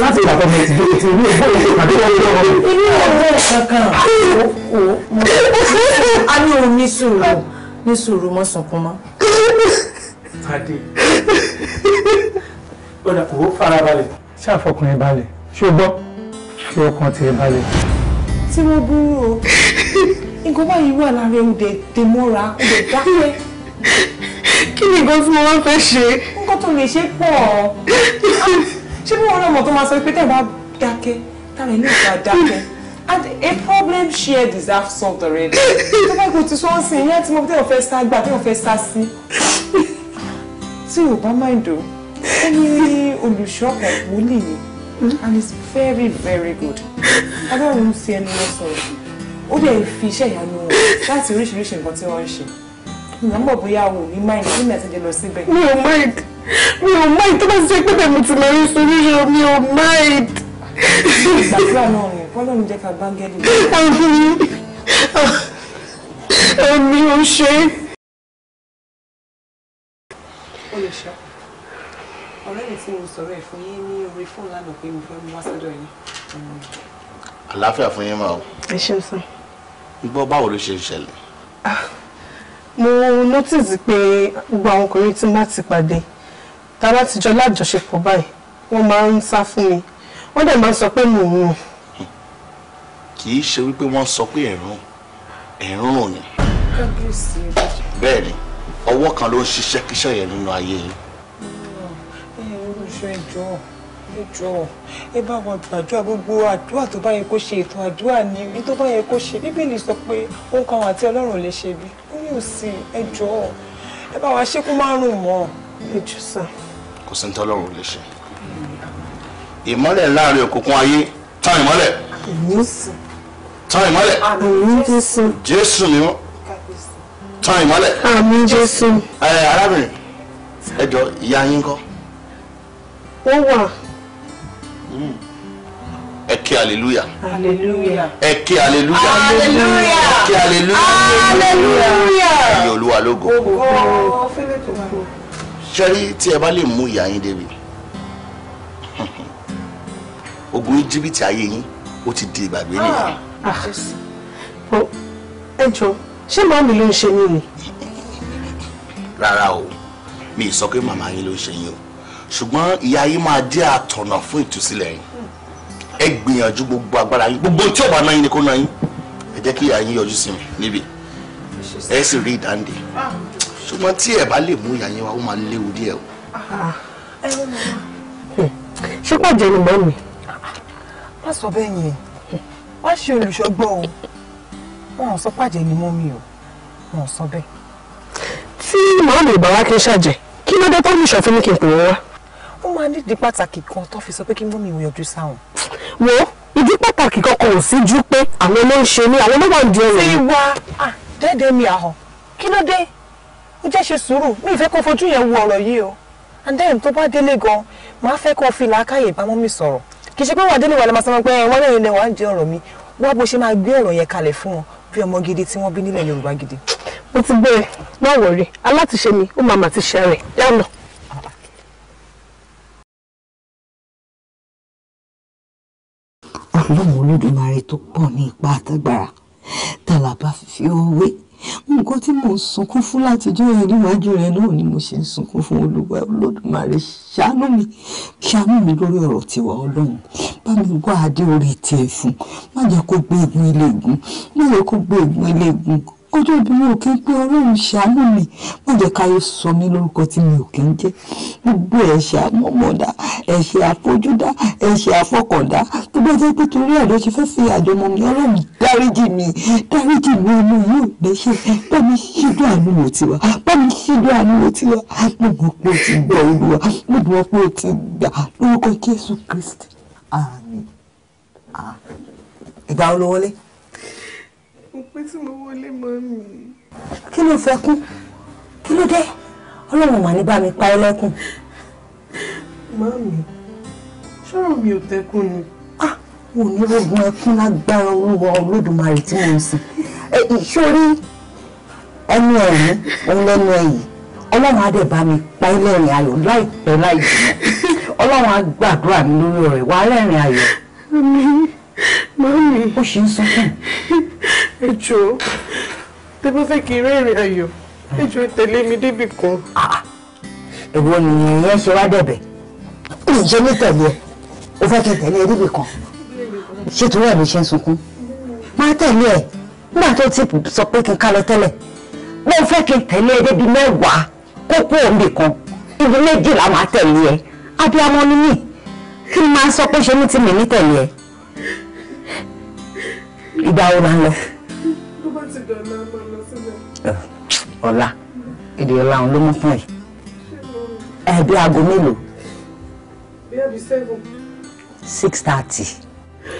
láti ìgbà tó mi ti dé ti rí ìgbà tó mi ti rí ìgbà tó mi. inú ọ̀rẹ́ kankan a ní òun ní sùúrù ní sùúrù mọ́ sunkún mọ́. Adé ó dà kó fara balẹ̀. Ṣé àfọkùnrin balẹ̀? Ṣé o gbọ́? Ṣé ọkàn tiẹ̀ balẹ̀? Tí wọ́n búrú o, nǹkan báyìí wà lára ẹ̀ ń dẹ̀ dẹ̀ mọ́ra, ó dẹ̀ dákẹ́ kí ni nǹkan tí mo máa fẹ́ ṣe. nǹkan tó lè ṣe pọ̀ ṣé bí wọn náà mọ̀ tó máa sọ pé tẹ̀ bá dákẹ́ tára ilé ìgbà dákẹ́ and a problem shared is half solved already. tó bá kò ti sọ́ọ́ sí ìyá tí mo tẹ́ ò fẹ́ sá gbà tẹ́ ò fẹ́ sá sí. tí ò bá máa dùn ó ní olùṣọ́kọ̀ wòlíì ni and it's very very good. adáwọ̀ ń fi ẹnu wọn sọ̀rọ̀ ó dẹ̀ fi iṣẹ́ ìyanu wọn láti oríṣiríṣi nǹkan tí wọ́n ń ṣe ìyẹn mọ̀ bóyá o ní mind kí ni àtijọ́ lọ síbẹ̀. mi ò mind mi ò mind tó bá ti jẹ́ pé bẹ́ẹ̀ ti lọ rí solution mi ò mind. ìgbàgbọ́ náà ni fọlọ́run jẹ́ ká báńgẹ́lì. èmi ò ṣe. o lè ṣe ọ̀rẹ́ mi tí mo sọ̀rọ̀ ẹ̀ fún yín ní orí fóònù lánàá pé mo fẹ́ mú wá sọ́dọ̀ yín. àlàáfíà fún yín máa ẹ ṣeun sàn. gbọ́ báwo ló ṣe ń ṣẹlẹ̀. Ah mo notice pé gbogbo àwọn ọkùnrin tí n bá ti pàdé tá a bá ti jọ lájọṣepọ̀ báyìí wọ́n máa ń sá fún mi wọ́n dẹ̀ máa ń sọ pé mò ń rùn. kì í ṣe wípé wọ́n sọ pé ẹ̀rùn ẹ̀rùn rùn ni. bẹ́ẹ̀ ni ọwọ́ kan ló ń ṣiṣẹ́ kíṣẹ́ yẹn nínú ayé yìí. ẹ̀rù ṣe jọ ẹ jọ̀ọ́ ẹ bá wa gbàdúrà gbogbo àdúrà tó bá yẹ kó ṣe ètò àdúrà ni ibi tó bá yẹ kó ṣe bíbélì sọ pé ohun kan àti ọlọ́run lè ṣe bí ó ní òsì ẹ jọ̀ọ́ ẹ bá wa ṣe kó má rùn mọ́ ẹ jù sà. kò sí ní tọ́lọ́run lè ṣe ìmọ́lẹ̀ láàrin òkùnkùn ayé tán ìmọ́lẹ̀ tán ìmọ́lẹ̀ jésù ni wọ́n tán ìmọ́lẹ̀ àmín jésù. ẹ arábìnrin ẹ jọ̀ọ́ ìyá yín kọ́. ó wà ẹ kí hallelujah ẹ kí hallelujah ẹ kí hallelujah ẹ yìn olúwa lógo ṣẹ́rí tí ẹ bá lè mú ìyá yín débi ogun íjíbítì ayé yín ó ti di ìgbàgbé nìyẹn. Ah, ẹ jọ ṣé màá mi ló ń ṣe yín ni. rárá o mi ì sọ pé màmá yín ló ń ṣe yín o ṣùgbọ́n ìyá yìí máa jẹ́ àtọ̀nà fún ìtúsílẹ̀ yín ẹ gbìyànjú gbogbo agbára yín gbogbo tí ọba náà yín ni kó náà yín ẹ jẹ́ kí ìyá yín yọjú sí mi níbi ẹ sì rí ìdáǹdè ṣùgbọ́n tí ẹ bá lè mú ìyá yín wá ó máa léwu díẹ̀ o. ṣé pàjẹ́ ni mọ́ mi. má sọ bẹ́ẹ̀ yẹn wá ṣe olùṣọ́gbọ́ o wọn ò sọ pàjẹ́ ni mọ́ mi o wọn ò sọ bẹ́ẹ̀. tí màmí ìbáwá kì í ṣàjẹ́ kí ló dé tó ń ṣọ̀fin ní kí n pè wọ́n wá ó máa nídìí pàtàkì kan tó fi sọ pé kí mọ́mí ìwé ọdún sáwọn. wo ìdí pàtàkì kankan ò sí ju pé àwọn ló ń ṣe ní àwọn ló wà ń di ọ̀rọ̀ yìí. ìwà dédé mi àhàn kí ló dé ó jẹ́ ṣe sùúrù mi ìfẹ́ kó fojú yẹn wo ọ̀rọ̀ yìí o and then tó bá délé gan máa fẹ́ kó fi làákàyè bá mọ́mí sọ̀rọ̀ kì í ṣe pé wà délé wà lọ́mọ sọmọ pé wọ́n lè lè wà ń di ọ̀rọ̀ mi wá bó ṣe máa gbé ọ̀rọ̀ yẹn kalẹ̀ fún wọn bí ọmọ gidi tí wọ́n bí nílẹ̀ Yorùbá gidi. mo ti gbé e má wọrí aláàtìṣe mi ó máa mà ti ṣe rẹ̀ lánàá. olódùmarè tó pọ̀ ní ipá àtagbára tàlà bá fífi òwe nǹkan tí mo sunkún fún látijọ́ yẹn níwájú rẹ náà ni mo ṣe ń sunkún fún olúwa olódùmarè ṣàánú mi ṣàánú mi lórí ọ̀rọ̀ tiwa ọlọ́run bá mi wá adé orí tiẹ̀ fún má jẹ́ kó gbé ègún ilé ègún má jẹ́ kó gbé ègún ilé ègún ọjọ́ ibi mi ò kí ń pé ọlọ́run ṣàánú mi má jẹ́ káyé sọ mí lórúkọ tí mi ò kí ń jẹ́ gbogbo ẹ̀ṣẹ̀ àmọ́mọ́dá ẹ̀ṣẹ̀ àfojúdá ẹ̀ṣẹ̀ àfọkàndá tó bá jẹ́ pé torí ẹ̀dọ́ ṣe fẹ́ fi àjọmọ mi ọlọ́run dáríjì mi dáríjì mi ọmọ yóò lẹ́ṣẹ̀ bá mi ṣíjú àánú wò tiwa bá mi ṣíjú àánú wò tiwa mo mọ̀ pé o ti gbọ́ olúwa mo mọ̀ pé o ti gbà lórúkọ Jésù Kristi àmín ìgbà olówólé mo pé tí mo wọlé mọ́ mi. kí ló fẹ́ kún kí ló dé ọlọ́run mà ní mi pa ẹ́ lẹ́kùn. Mami, ṣọ́rọ̀ mi ò tẹ́kùn ni. Ah, onírògùn ẹkún lágbára olúwa olódùmarè tí mo ń sìn. Ìṣòrí ẹnu ẹ̀mí òun lẹ́nu ẹ̀yìn. Ọlọ́run á bá mi pa ẹ́ lẹ́rìn ayọ̀ láìpẹ́ láìpẹ́. Ọlọ́run á gbàdúrà mi lórí ọ̀rẹ́ wa lẹ́rìn ayọ̀. Mami, ó ṣe ń sunkún ẹ jọ̀ọ́ tẹ bá fẹ́ kí n rẹ́rìn ayọ̀ ẹ jọ̀ọ́ ẹ tẹ̀lé mi débì kan. Ah, èwo nìyẹn yẹn ṣe wá mi tẹ̀lé o fẹ́ kí n tẹ̀lé ẹ débì kan ṣé torí ẹ̀ ló ṣe ń sunkún máa tẹ̀lé ẹ nígbà tó ti sọ pé kí n ká lọ tẹ́lẹ̀ mo fẹ́ kí n tẹ̀lé ẹ débi mẹ́wàá kókó òǹbì kan ibi méjìlá máa tẹ̀lé ẹ abiyamọ ni mí kí ni máa sọ pé ṣe ti mì ní tẹ̀lé ẹ ìgbà wo la ń ọ̀la èdè ọ̀la òun ló mú fún ẹ. ẹ bí aago mélòó. bí ẹ bí seven. six thirty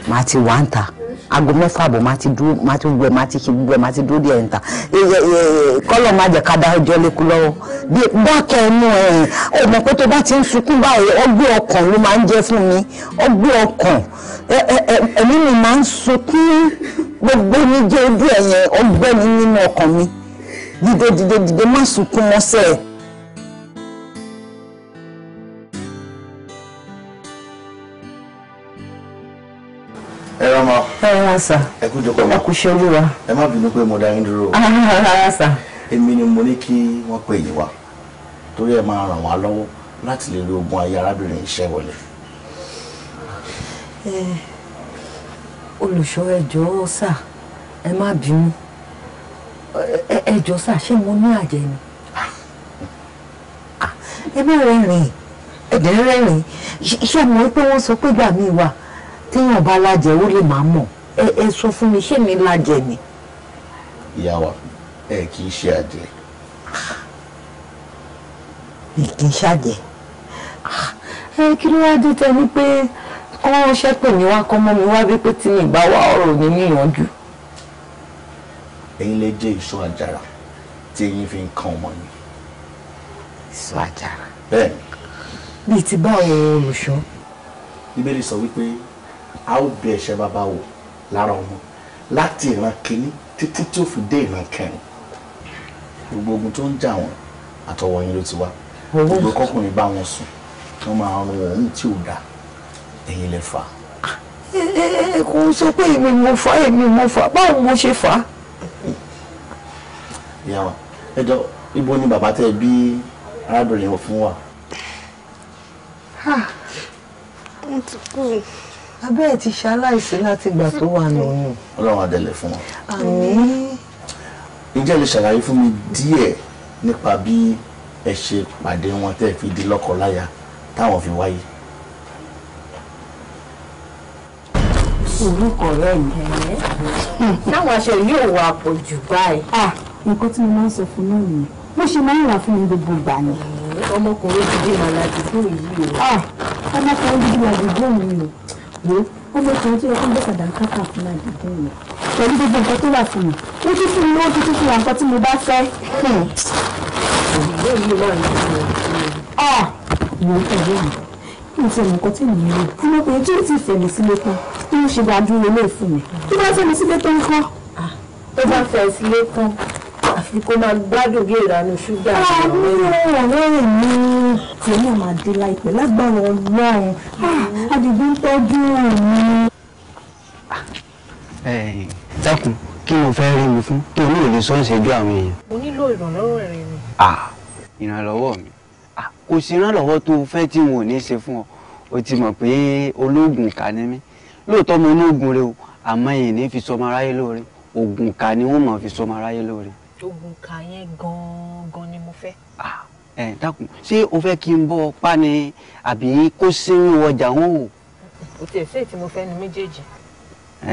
màá ti wà ń ta aago mẹ́fà bọ̀ máa ti dúró máa ti gbẹ máa ti ṣe gbẹ máa ti dúró díẹ̀ níta kọ́lọ̀ máa jẹ́ ká dá ọjọ́ lẹ́kú lọ́wọ́ dákẹ́ ẹnu ẹ̀ ọmọ pé tó bá ti ń sunkún báyìí ọgbẹ́ ọkàn ló máa ń jẹ́ fún mi ọgbẹ́ ọkàn ẹ̀mí mi máa ń sunkún gbogbo mi jẹ́ ojú ẹ̀yẹn ọgbẹ́ mi nínú ọkàn mi dìde dìde dìde má sunkún mọ́sẹ̀ ẹ̀. ẹ rán ma. ẹ rán sà. ẹ kú jókòó ma. ẹ kú ṣẹ́jú wa. ẹ má bínú pé mo dá yín dúró. Ah, rárá sà. èmi ni mo ní kí wọ́n pè yín wá torí ẹ máa ràn wá lọ́wọ́ láti lè lo oògùn ayé arábìnrin iṣẹ́ wọlé. olùṣọ́ ẹjọ́ sà ẹ má bínú ẹjọ sá ṣé mo ní àjẹ́ ni ah, ẹ má rẹ́rìn ẹdẹ rẹ́rìn ṣé mo rí pé wọ́n sọ pé gbà mí wà téèyàn bá lájẹ́ ó lè má mọ̀ ẹ sọ fún mi ṣé mi lájẹ́ ni. ìyá wa ẹ kì í ṣe àjẹ́. mi kì í ṣàjẹ́ ah, ẹ kí ló wá dé tẹ ní pé kọ́ ṣẹ́pẹ̀ mi wá kọ́ mọ́ mi wá bí pé tí mi bá wá ọ̀rọ̀ mi níyànjú ẹ̀yin lè jẹ́ ìṣó àjàrà tí ẹ̀yin fi ń kan ọmọ mi. ìṣó àjàrà. bẹ́ẹ̀ni. bíi ti báwo olùṣọ́. bíbélì sọ wípé a ó bí ẹ̀ṣẹ̀ bàbá wò lára ọmọ láti ìran kínní títí tí ó fi dé ìran kẹrin gbogbo ogun tó ń jà wọn àtọwọ́ yín ló ti wá gbogbo kọkùnrin bá wọn sùn wọn máa rún òun tí ò dáa ẹ̀yin lè fà ah, ẹ ẹ kò sọ pé èmi mo fà èmi mo fà báwo mo ṣe fà á ìyá wa ẹ jọ ibo ni bàbá tẹ bí arábìnrin wọn fún wa. Ah, wọ́n ti kú abẹ́ ẹ̀ ti ṣaláìsí láti ìgbà tó wà nínú. ọlọ́run àdẹ̀lẹ̀ fún wọn. àmín. ǹjẹ́ lè ṣàlàyé fún mi díẹ̀ nípa bí ẹ ṣe pàdé wọn tẹ́ fi di lọ́kọláya táwọn fi wáyé. orúkọ rẹ mi. táwọn aṣọ yóò wà pọ̀ jù báyìí. Ah, nǹkan tí mo máa ń sọ fún náà nìyẹn bó ṣe máa ń rà fún mi gbogbo ìgbà ni. ọmọkùnrin dídí mà ládùúgbò yìí o. Ah, ọmọkùnrin dídí mà ládùúgbò mi o wo ọmọkùnrin tó yẹ kó ń bẹ̀kàdà káàkà fún ládùúgbò mi pẹ̀lú gbogbo nǹkan tó wà fún mi ó tún fún mi lówó tuntun fún wa nǹkan tí mo bá fẹ́. ìgbẹ́ mi máa ń lò ó. mo ń tẹ̀lé mi kí n ṣe nǹkan tí mi rò ọmọkùnrin tí ó ti fẹ̀mí sílé tán tí ó ṣe dájú kó máa gbádùn bí ìranú ṣúgà ah, àti ọ̀rẹ́ rẹ̀. ọ̀rẹ́ rẹ̀ mi tiẹ̀ náà máa dé láìpẹ́ lágbára ọlọ́run àdìgún ah, tọ́jú mi. dákun kí mo fẹ́ rí mi fún kí o ní ìlú sọ́ọ̀ṣẹ́jú àwọn èèyàn. mo nílò ìrànlọ́wọ́ rẹ ni. Ah, ìrànlọ́wọ́ mi kò sí ìrànlọ́wọ́ tó o fẹ́ tí wọn ò ní ṣe fún ọ o ti mọ̀ pé ológun kà ní mí lóòótọ́ mo ní oògùn rẹ o àmọ́ èyí ní fi sọmọ aráyé lóore oògùn kà ni wọ́n mọ̀ fi sọmọ aráyé lóore tó gun ka yẹn gan-an ni mo fẹ́. Ah, ẹ dákun ṣé o fẹ́ kí n bọ́ pa ni àbí kó sínú ọjà ń wò. o tiẹ̀ sí ètí mo fẹ́ nu méjèèjì.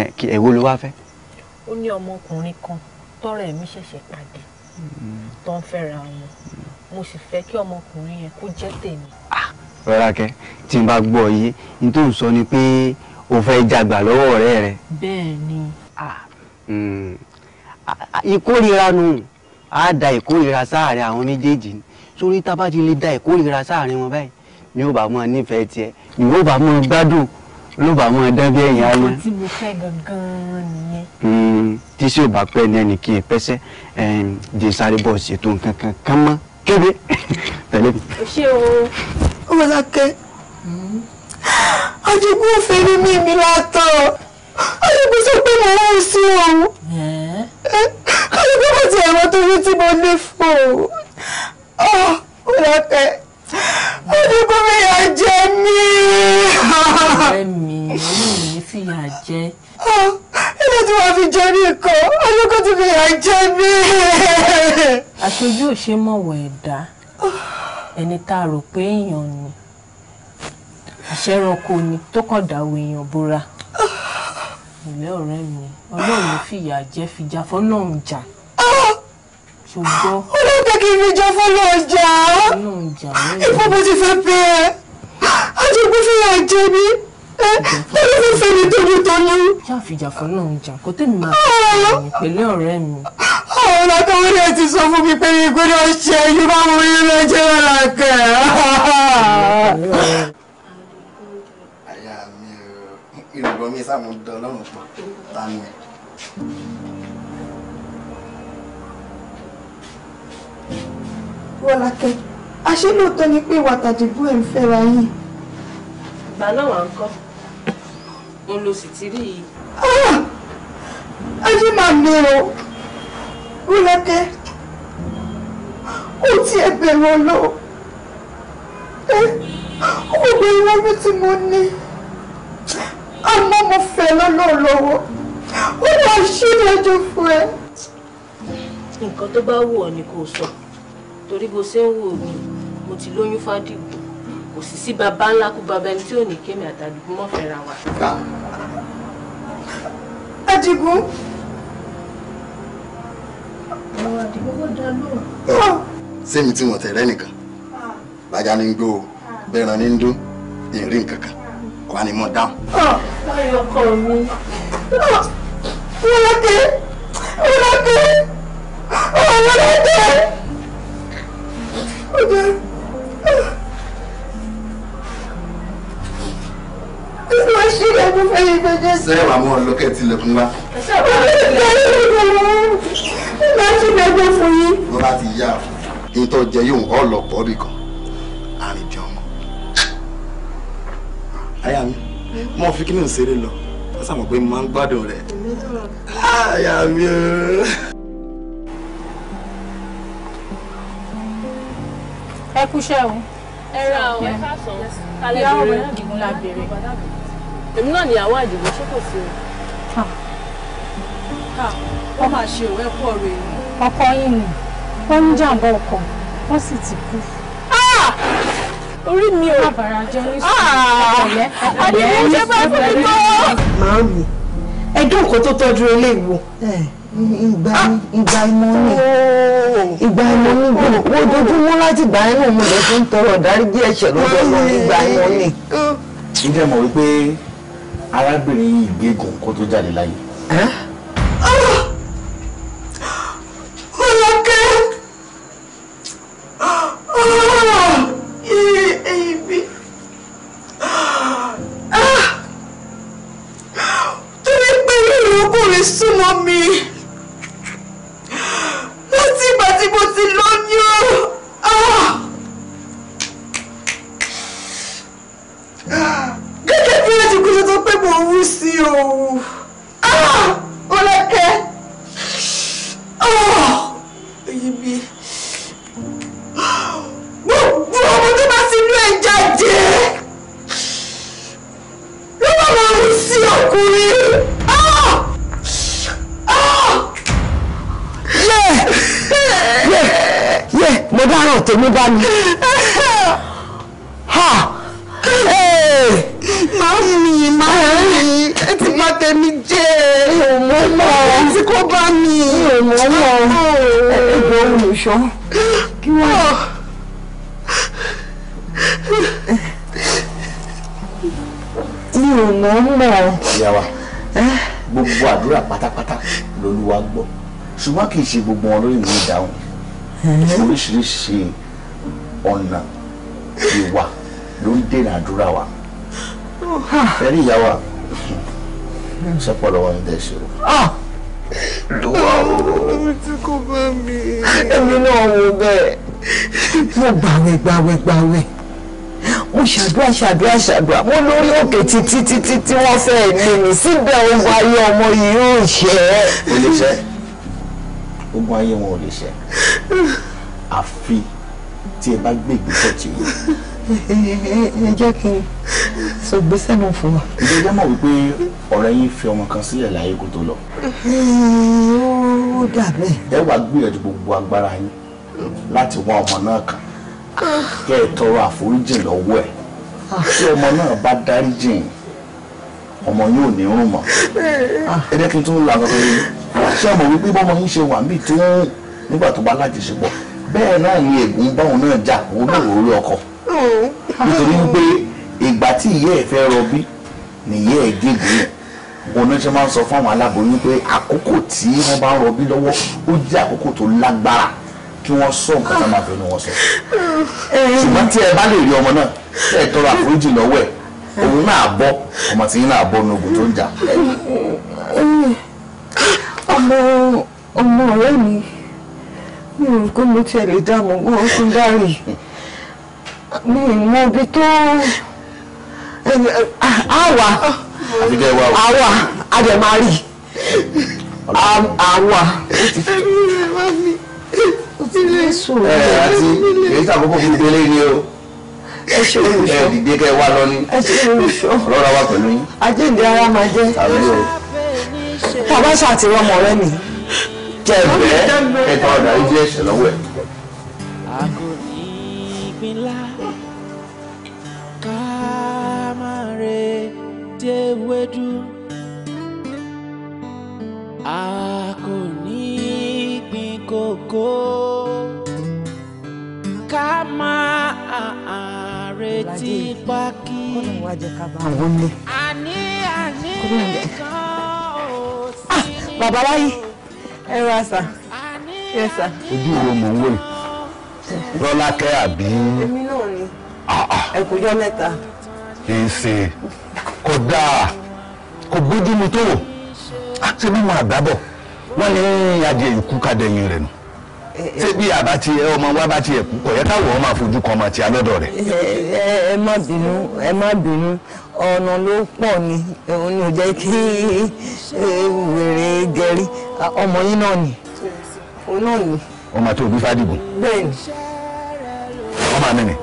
ẹ kí èwo ló wá fẹ́. ó ní ọmọkùnrin kan tọrọ ẹ̀mí ṣẹ̀ṣẹ̀ pàdé hmm. tó ń fẹ́ra wọn mo sì fẹ́ kí ọmọkùnrin yẹn kó jẹ́ tèmi. Ah, rọra kẹ tí n bá gbọ́ yé n tó ń sọ ni pé o fẹ́ jagbà lọ́wọ́ ọ̀rẹ́ rẹ. bẹ́ẹ̀ ìkórira nù á da ìkórira sáàrin àwọn méjèèjì ni sórí tá a bá ti lè da ìkórira sáàrin wọn báyìí ni ó bá mọ nífẹ̀ẹ́ tiẹ̀ ni ó bá mọ gbádùn ló bá mọ dán bí ẹ̀yìn alẹ́. tí mo fẹ́ gangan nìyẹn. Hmm, tí sí ò bá pẹ́ ní ẹnì kí n pẹ́sẹ́ jẹ́ sáré bọ́ ṣètò nǹkan kan kán mọ́ kébé tẹ̀lé o ṣe o. ó bá dákẹ́ ọjọ́ gbọ́n fẹ́ẹ́ ní mímí látọ̀ ọjọ́ gbọ́n sọ pé mo wá sí òun àdúgbò tí ẹ̀wọ̀n tó rí tí mo ní fún o ó lọ́kẹ́ ó ní kó fi yà jẹ mí. ọ̀rẹ́ mi ọlọ́run ní fìyà jẹ. ilé tí wọ́n fi jẹ ní ikọ̀ olóko ti fi yà jẹ mí. aṣojú ò ṣe mọ̀wọ̀ ẹ̀dá ẹni tá a rò pé èèyàn ni àṣẹranko ni tó kàn dáwọ èèyàn bóra ìrẹ́ ọ̀rẹ́ mi ọlọ́run fìyà jẹ́ fìjà fọlọ́run jà ṣùgbọ́n. ọlọ́run jẹ́ kí n fìjà fọlọ́run jà fọlọ́run jà lónìí. ìfọ́ mo ti fẹ́ pé ẹ àjọgbó fìyà jẹ mí ọlọ́run fẹ́ mi tóbi tọ́lú. ṣá fìjà fọlọ́run jà kó tèmi máa fi ah. pẹ̀lẹ́ ọ̀rẹ́ mi. àwọn ọlọ́kọ̀wé rẹ̀ ti sọ fún mi pé mi gbọ́dọ̀ ṣe ẹyí bá mo rí lọ́jọ́ ọ̀la kẹ́ ẹ̀. mi sáà mo dán ọlọ́run pọ̀ ta ni ẹ̀. Rọ́lákẹ́, àṣé lóòótọ́ ni pé wàtàdìbò ẹ̀ ń fẹ́ra yín. Ìgbà náà wà ń kọ́, òun ló sì ti rí i. Ah! Ajé máa lè o, Rọ́lákẹ́, ó ti ẹ̀bẹ̀ wọn lọ. Ó gbogbo ìwọ́n tí mo ní àmọ́ mo fẹ́ lọ́nà lọ́wọ́ ó lọ ṣílẹ̀jọ fún ẹ. nǹkan tó bá wù ọ́ ni kò sọ torí bó ṣe ń wò mí mo ti lóyún fádìgbò kò sì sí baba ńlá kú baba ẹni tí ò ní kémi àtàdùgbò mọ́ fẹ́ra wa. Adigun. àwọn Adigun kò dá lóhùn. sẹ́mi tí wọ́n tẹ̀rẹ́ nìkan ah. bàjá ni ń gbó ah. bẹ́ẹ̀ ràn ń dún ìrìn kankan kò wá ní mọ́ dáhùn. Ah, báyọ̀ ọkọ mi wọlọ́kẹ́ wọlọ́kẹ́ wọlọ́kẹ́ ọjọ́. Sẹ́yìn màmú ọlọ́kẹ́ tilẹ̀kùn wá. Má ṣe gbẹgbẹ́ fún yín. Bó bá ti yá o, ètò ọjẹ́ yóò ń họ́ lọ pọ̀ bì kan, àrìnjọ́ ọmọ àyà mi mo fi kí ni ìṣeré lọ wọ́n sàmọ̀ pé máa ń gbádùn rẹ̀ àyà mi o. ẹ kúṣẹ́ o ẹ ra o ẹ káàsán kálẹ̀ bèrè ìdìgún la bèrè èmi náà níyàwó àdìgún ṣé kò sí o. wọ́n máa ṣe òwe kú ọ̀rọ̀ èèyàn. ọkọ yìí ni wọ́n ń jàǹbá ọkọ̀ wọ́n sì ti kú orí mi ò ah! àdìrẹ́ jẹ́ bá fún mi kọ́. màámi ẹgbẹ́ òkú tó tọ́jú ilé ìwò ìgbà ìmọ̀ ni oh! ìgbà ìmọ̀ ni gbogbo oh! ojoojúmọ́ láti gbà ẹ́ náà mo lè fi ń tọrọ dáríjì ẹ̀ṣẹ̀ lọ́dọ̀ lọ ìgbà ìmọ̀ ni. ǹjẹ́ mọ̀ wípé arábìnrin yìí gbé gòǹkó tó jáde láyé. kí wọ́n. mi ò mọ̀ ń mọ̀. ìyàwó gbogbo àdúrà pátápátá lolúwa gbọ́ ṣùgbọ́n kì í ṣe gbogbo wọn lórí ìwé ìdáhùn oríṣiríṣi ọ̀nà ìwà ló ń dènà àdúrà wa ah. ẹ̀rí ìyàwó ṣẹ́pọ̀ lọ́wọ́ ní dẹ̀ tó wà o. tí kò bá mi. èmi náà wò bẹ́ẹ̀. mo gbàwẹ̀ gbàwẹ̀ gbàwẹ̀ mo ṣàdúrà ṣàdúrà ṣàdúrà mo lórí òkè títí títí tí wọ́n fẹ́ lé mi síbẹ̀ ogun ayé ọmọ yìí ò ṣe. ó lè ṣe ogun ayé wọn ò lè ṣe àfi tí ẹ bá gbé ìgbésẹ̀ tí ó yẹ ẹ jẹ́ kí n sọ gbèsè náà fún wa. ǹjẹ́ ẹ jẹ́ mọ̀ wípé ọ̀rẹ́ yín fi ọmọ kan sílẹ̀ láyé kó tó lọ. ó dà bẹ́ẹ̀. ẹ wàá gbìyànjú gbogbo agbára yín láti wá ọmọ náà kàn kẹ́ ẹ tọrọ àforíjì lọ́wọ́ ẹ̀ tí ọmọ náà bá dáríjì ọmọ yóò ní rún mọ́ ẹ jẹ́ kí n tún lànà pé ṣé ọmọ wípé bọ́mọ yín ṣe wà ń bì tó ń nígbà tó bá lájọṣepọ̀ bẹ́ẹ̀ náà ni ègún báwọn náà jà òun náà wò ó rí nítorí pé ìgbà tí ìyá ẹ̀ fẹ́ rọbí ni ìyá ẹ̀ gègé oní ṣe máa ń sọ fáwọn aláboyún pé àkókò tí wọ́n bá ń rọbí lọ́wọ́ ó jẹ́ àkókò tó lágbára kí wọ́n sọ nǹkan tá máa fẹnu wọn sọ ṣùgbọ́n tí ẹ bá lè rí ọmọ náà tí ẹ tọrọ àforíjì lọ́wọ́ ẹ̀ òun náà bọ́ ọmọ tí yín náà bọ́ ní ogun tó ń jà. ọmọ ọmọ ọ̀rẹ́ mi mi ò kó mo tiẹ̀ lè dá àmọ́ wọ́n tún dárìn mi mọ ibi tó àwa eh, eh, àwa àdèmárì àwa. ẹbí rẹ̀ wá mi ẹ eh, àti èyí tàkókò fún gbélé ni o ẹ ṣe olùṣọ́ ẹ dìde kẹ wá lọ ní ẹ ṣe olùṣọ́ pẹ̀lú yín. àjíǹde ara máa jẹ́ tàbá ṣàtìwọ́ ọmọ rẹ mi. jẹ́ ẹ̀bẹ̀ ẹ̀ka ọ̀dà ìdí ẹ̀ṣẹ̀ lọ́wọ́ ẹ̀. dé ewédú a kò ní gbin kòkó ká máa retí pákí àní àní kan ò sí ní. Ah, babaláyé ẹ rà sà ẹ sà. ojú ìwé mò ń wò àbí. èmi náà ni ah, ah. ẹ̀kúnjọ́ mẹ́ta. kì í ṣe. kò dáa kò bójú mu tó ṣe bí wọn àgbábọ̀ wọn ní adìẹ ìkú kadẹyìn rẹ nù eh, eh. ṣé bí àbá ọmọ wa bá ti ẹkú kan ọmọ rẹ. Eh, ẹ má bínú ẹ má bínú ọ̀nà ló ni òun ò jẹ́ kí ọmọ yín náà ni òun náà ni. ọmọ àti òbí ọmọ mi ni.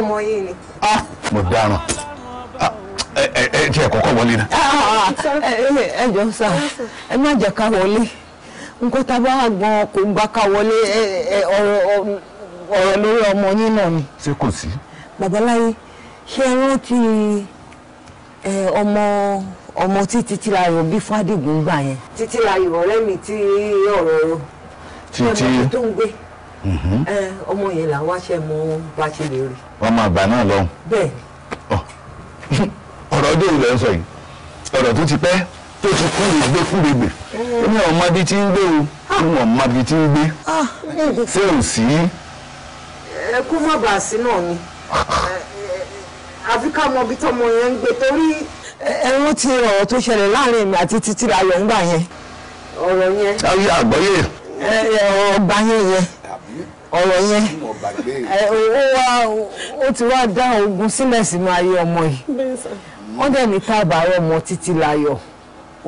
ọmọ yín ni. Ah, mo dáràn. ẹ ẹ tí ẹ kọ́kọ́ wọlé náà. Ah, ah, ah. ẹ jọ sá ẹ má jẹ́ ká wọlé nǹkan tá a bá wà gbọ́n kò gbà ká wọlé ọ̀rọ̀ lórí ọmọ yín náà ni. ṣé kò sí. babaláyé ṣé ẹ rántí ọmọ ọmọ tí Títí títílayọ̀ bí fádìgún gbà yẹn. títílayọ̀ ọ̀rẹ́ mi tí ọ̀rọ̀ ro tí ọmọ tó ń gbé mm-hmm. ọmọ yẹn làwọn aṣẹ́ mọ bá ṣe lè rí. wọ́n máa bà náà lọ́hùn. bẹ́ẹ̀ ọ̀rọ̀ ọdún ìlẹ̀ ń sọ yìí ọ̀rọ̀ tó ti pẹ́ tó ti kú lè gbé kú lè gbè ó ní ọmọ bíi ń gbé o ní ọmọ bíi ti ń gbé ah. ṣé ò sí. ẹ kú má bàa sí náà ni àfi ká mọ ibi tọmọ yẹn ń gbé torí. ẹ rántí ọ̀rọ̀ tó ṣẹlẹ̀ láàrin èmi àti títí ayọ̀ ń gbà yẹn. ọ̀rọ̀ yẹn. ayé àgbọ́yé. ọba yẹn yẹn ọ̀rọ̀ yẹn ó ti wá dá ogun sílẹ̀ sínú ayé ọmọ yìí wọ́n dẹ̀ ní tábà ọmọ títí láyọ̀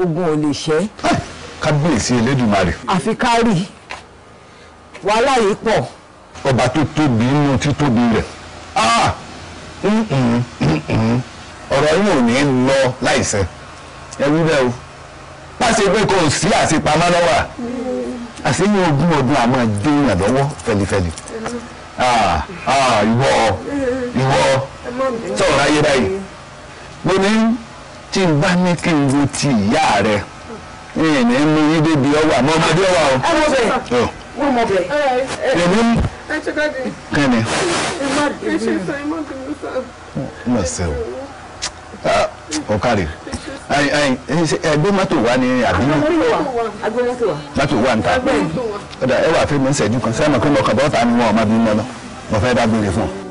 ogun ò lè ṣẹ́. Ah, kábíyèsí elédùnmarè. àfi ká rí wàhálà yìí pọ̀. ọba tó tóbi inú títóbi rẹ̀ ah, mm, mm, mm, ọ̀rọ̀ yìí ò ní lọ láìsẹ̀ ẹ̀rú rẹ̀ o pàṣẹ pé kò sí àṣepamọ́ lọ́wọ́ àṣeyìn ogún ọdún àmọ́ déèyàn lọ́wọ́ fẹlifẹli ah, ìwọ ìwọ sọ̀rọ̀ ayé báyìí mo ní tí n bá ní kí n wo ti ìyá rẹ ìyẹn ní mú yín débi ọwà mọ ọmọdé ọwà o. ẹ mọ bẹ mọ mọ bẹ. èmi kẹ́ni. lọ sí o ọkàrí ẹgbẹ́ mọ́tò wa ni àbí. mọ́tò wa nta ọ̀dà ẹ wà fẹ́ mi ń ṣẹ́jú kan sẹ́mi pé mo kàn bọ́ta ni wọn ò má bí mọ́ lọ mo fẹ́ dágbére fún ọ